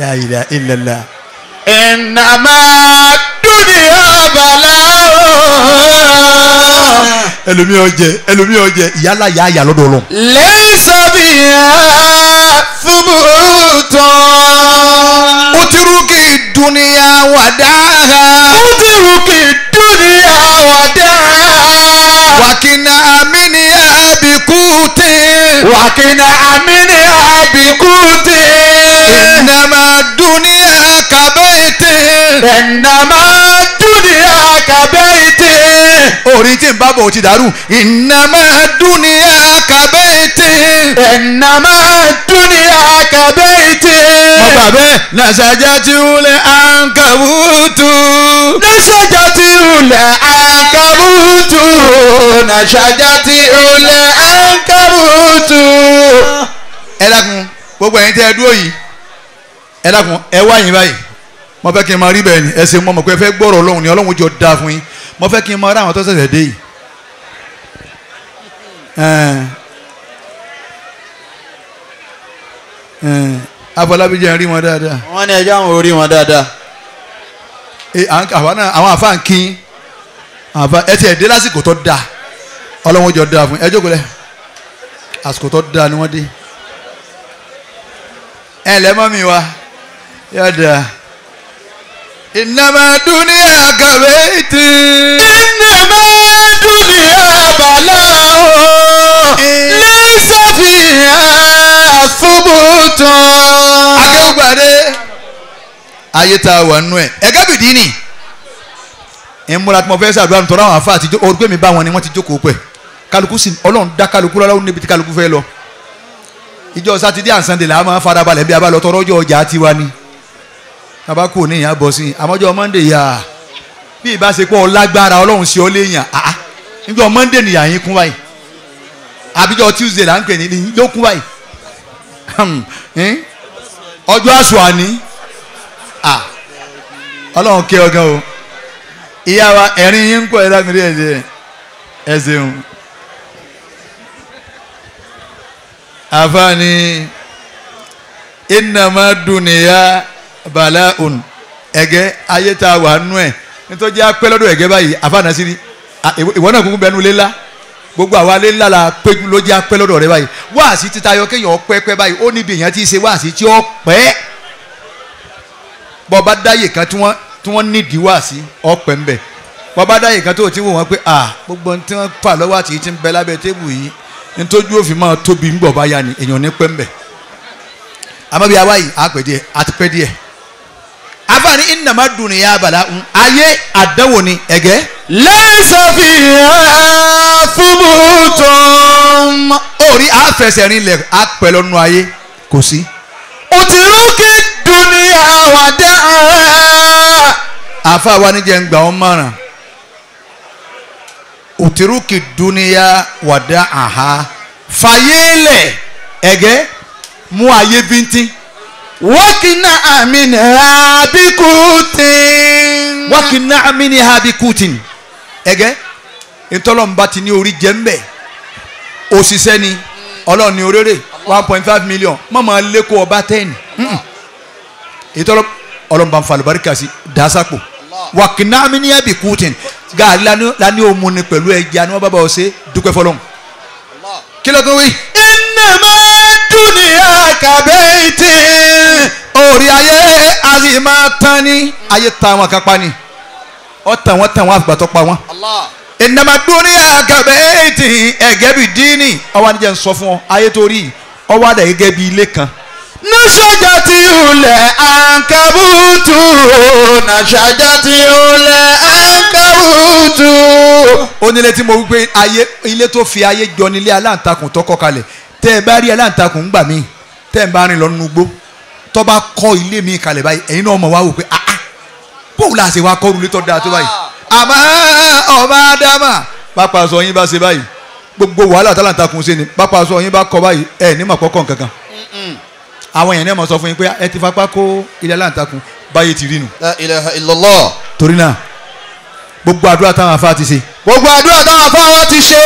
la ilaha illallah. ìnàmà dúnìá bàlá o. ẹlòmí ọjẹ ẹlòmí ọjẹ ìyálà yà á yà lọ́dọ̀ ọlọ́run. lẹ́sọ̀ bí a fúnbù tán. ó ti rú kí dúnìá wà dáhà. ó ti rú kí dúnìá wà dáhà. wàkínà àmì àbíkú tè. wàkínà àmì àbíkú tè. إنما الدنيا كبيت إنما الدنيا كبيت orin tí n bá bọ̀ ti dàrú إنما الدنيا كبيت إنما الدنيا كبيت. ọba bẹ́ẹ̀ نشجته العنكبوت نشجته العنكبوت نشجته العنكبوت. ẹ dákun gbogbo ẹ̀yin tẹ́ ẹ dúró yìí ẹ dákun ẹ wá yín báyìí mo fẹ́ kí n máa rí bẹ́ẹ̀ ni ẹ ṣe mo mọ̀ pé ẹ fẹ́ gbọ́rọ̀ ọlọ́run ni ọlọ́run jọ da fún yín mo fẹ́ kí n máa rí àwọn tó ṣẹ̀ṣẹ̀ dé yìí afọlábí jẹ́ rí wọn dáadáa. wọ́n ní ẹjọ́ àwọn orí wọn dáadáa. àwọn àfa ń kín ẹ ti ẹ̀ dé lásìkò tó dáa ọlọ́run jọ dáa fún ẹ jókòó lẹ̀ àsìkò tó dáa ni wọ́n dé ẹ lẹ́mọ́ mi wá yada innama dunya ka bayti innama dunya balaa dunia fiha Lisa akéwùgbàdé ayé tá a wà nù Ega bidini. Emulat ni ìmúra tí mo fẹ́ sàdúrà nítorí àwọn afa àti mi ba wọn ni wọ́n ti jókòó pẹ̀ kálukú sì ọlọ́run dá kálukú lọ́la ó níbi tí kálukú fẹ́ lọ ìjọ sátidé àǹsán de la a máa farabalẹ̀ bí a bá lọ tọrọ ọjọ́ ọjà tiwa ni. bàbá kò ní ìyá bọ̀ sí i àmọ́jọ́ monday yà á bí ìbá ṣe pọ̀ ọ lágbára ọlọ́run ṣe ọ léèyàn àá níjọ́ monday nìyà yín kún báyìí àbíjọ́ tuesday là ń pè ní ní ló kún báyìí hmm, ọjọ́ àṣọ àní à ọlọ́run ọgán o ìyá wa ẹ̀rín yín ń pọ̀ ẹ̀dá kiri ẹ̀jẹ̀ ẹ̀ ṣeun àfààní ìnàmá bala un ẹ̀gẹ́ ayé tá a wà nú ẹ̀ nítorí apẹ́ lọ́dọ̀ ẹ̀gẹ́ báyìí ni ìwọ náà kúkú bẹnu lé ńlá gbogbo àwa lé ńlá la pé ló jẹ́ apẹ́ lọ́dọ̀ rẹ báyìí wáàsí títayọ kéèyàn pẹ́pẹ́ báyìí ó níbi èèyàn ti ṣe wáàsí tí ó pẹ́ bọ́ọ̀ bá dáyè kan tí wọ́n tí wọ́n nídìí wáàsí ọ̀pẹ̀ ńbẹ̀ bọ́ọ̀ bá dáyè kan tó ti wò wọ́n pé à gbogbo tí wọ́n fà lọ́wọ́ àti ti ń bẹ lábẹ́ tébù yìí nítorí òfin máa tóbi ńgbọ̀ báyà ni èèyàn ní pẹ́ àmọ́ bí àwa yìí àpèdíẹ̀ àtipẹ́ afaani innama dunuya bala un ayé àdánwò ni ẹ̀gẹ́. lẹ́sẹ̀ fi hàn fúbùtùm. orí àfẹsẹ̀rin lẹ̀ apẹ̀lọ́nu ayé kò sí. òtìrúkì dunuya wà dá. àfa wa ni jẹ́ ń gbà ọ́ mọ̀ràn òtìrúkì dunuya wà dá àhá lẹ̀ ẹ̀gẹ́ mú ayé bíntín wọ́kìnà àmìnì habikutin. wọ́kìnà àmìnì habikutin. ẹ̀gẹ́ ntọ́lọ́mùbá ti ní orí jẹ́ mbẹ́ òṣìṣẹ́ ni ọlọ́run ní oréré one point five million mọ̀mọ́ lẹ́kọ̀ọ́ ọba ten ìtọ́lọ́ ọlọ́run bá ń fa àlùbáríkà sí dàásàpò wọ́kìnà àmìnì habikutin gaari lani omu ni pẹ̀lú ẹja ni wọ́n bá bá ọ ṣe dúpẹ́ fọlọ́n kí ló tó wí. iná máa dúnìá kàbẹ́ẹ̀tì orí ayé ayé máa tán ní ayé ta wọn kan pa ni ọ tàn wọn tàn wọn àgbà tó pa wọn. ìnàmà dúnìá kàbẹ́ẹ̀tì ẹ̀gẹ́ bí dínì ọwọ́ adìjẹ́ ń sọ fún ọ ayé tó rí ọwọ́ adà gẹ́gẹ́ bí ilé kan nasajá tí ulẹ̀ àǹkàbùtù nasajá tí ulẹ̀ àǹkàbùtù. onílé tí mo wí pé ilé tó fi ayé jọ nílé aláǹtakùn tó kọ́ kalẹ̀ tẹ́ ẹ bá rí aláǹtakùn gbà mí tẹ́ ẹ bá rìn lọ́nu gbó tọ́ bá kọ́ ilé mi kalẹ̀ báyìí ẹ̀yin náà mọ̀ wá wò pé ah ah bóun la ṣe wá kọ́ rulé tọ́ da tó báyìí àmọ́ ọmọ ádámà pápá sọ yín bá ṣe báyìí gbogbo wàhálà táláǹtakùn ṣe ni pápá sọ yín bá kọ báyìí ẹ ní mọ̀ kọ́kọ́ kankan àwọn èèyàn náà mọ̀ sọ fún yín pé ah, ẹ ti fapá kó ilé aláǹtakùn báyìí ti rí nu. La ilaha illallah. torí náà gbogbo àdúrà táwọn afá ti ṣe. gbogbo àdúrà táwọn afá wa ti ṣe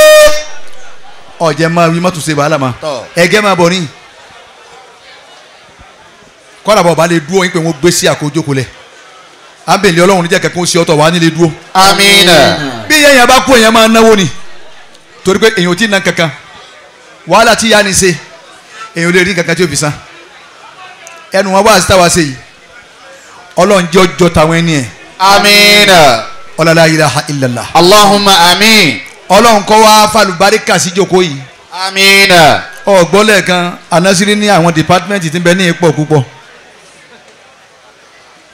ọ̀jẹ̀ máa wí mọ́tò ṣe wàhálà ma ẹ̀gẹ́ máa bọ̀ níyì kọ́ra bọ̀ bá lè dúró yín pé wọ́n gbé sí àkójókò lẹ̀ abẹ́lẹ̀ ọlọ́run níjà kẹ́kọ́ sí ọ̀tọ̀ wà á nílé dúró. amiina. bí yẹn yẹn bá kú èèyàn máa náwó ni torí pé èèyàn ò tí ì ná kankan wàhálà tí yá ni ṣe èèyàn ò lè rí kankan tí ó fi san ẹnu wọn wá síta wá sí yìí ọlọ́run jẹ́ ọjọ́ tàwọn ẹni ẹ̀. amiina. ọlọ́lá ilaha illallah. allahumma amiin ọlọ́run kọ́ wá falùbáríkà sí jòkó yìí. amiina. ọ̀gbọ́n lẹ́ẹ̀kan anásírí ní àwọn dìpátímẹ́ǹtì tí ń bẹ ní ipò púpọ̀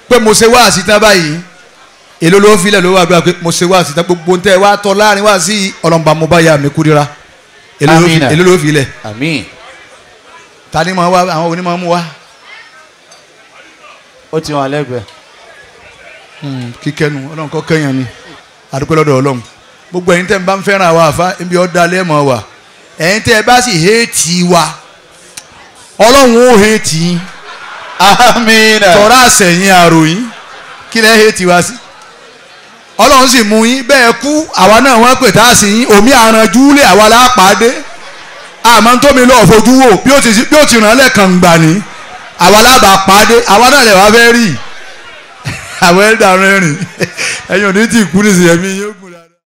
pé mo ṣe wá àsìtá báyìí èló ló filẹ̀ ló wà gbà pé mo ṣe wá àsìtá gbogbo ntẹ́ wá tọ́ láàrin wá sí ọlọ́mọba mo bá ya mi kú rira èló ló filẹ̀. àmín. ta ni mo wá àwọn onímọ̀ mú wa. ó ti wọn lẹ́gbẹ̀ẹ́. Hmm, kíkẹ́nu ọlọ́run kọ́ kẹ́yàn ni àdúgbò lọ́dọ̀ ọlọ́run. gbogbo ẹ̀yin tẹ́ ń bá ń fẹ́ràn àwa àfa ibi ọ̀dà lẹ́mọ̀ wa ẹ̀yin tẹ́ ẹ bá sì héètì wa ọlọ́run ó héètì yín àmín tọ́ra àsẹ̀yìn àròyìn kí lẹ́ héètì wa sí ọlọ́run sì mú yín bẹ́ẹ̀ kú àwa náà wọ́n pè tá a sì yín omi àranjú lé àwa lápàdé àmọ́ tómi lọ́ọ́ fojú wò bí ó ti ràn án lẹ́ẹ̀kan gbà ní àwa lábàá pàdé àwa náà lè wá fẹ́ rí àwọn ẹ̀dá rẹ̀ rìn ẹ̀yin ò ní tí kú nísìnyẹ́mí yóò kú.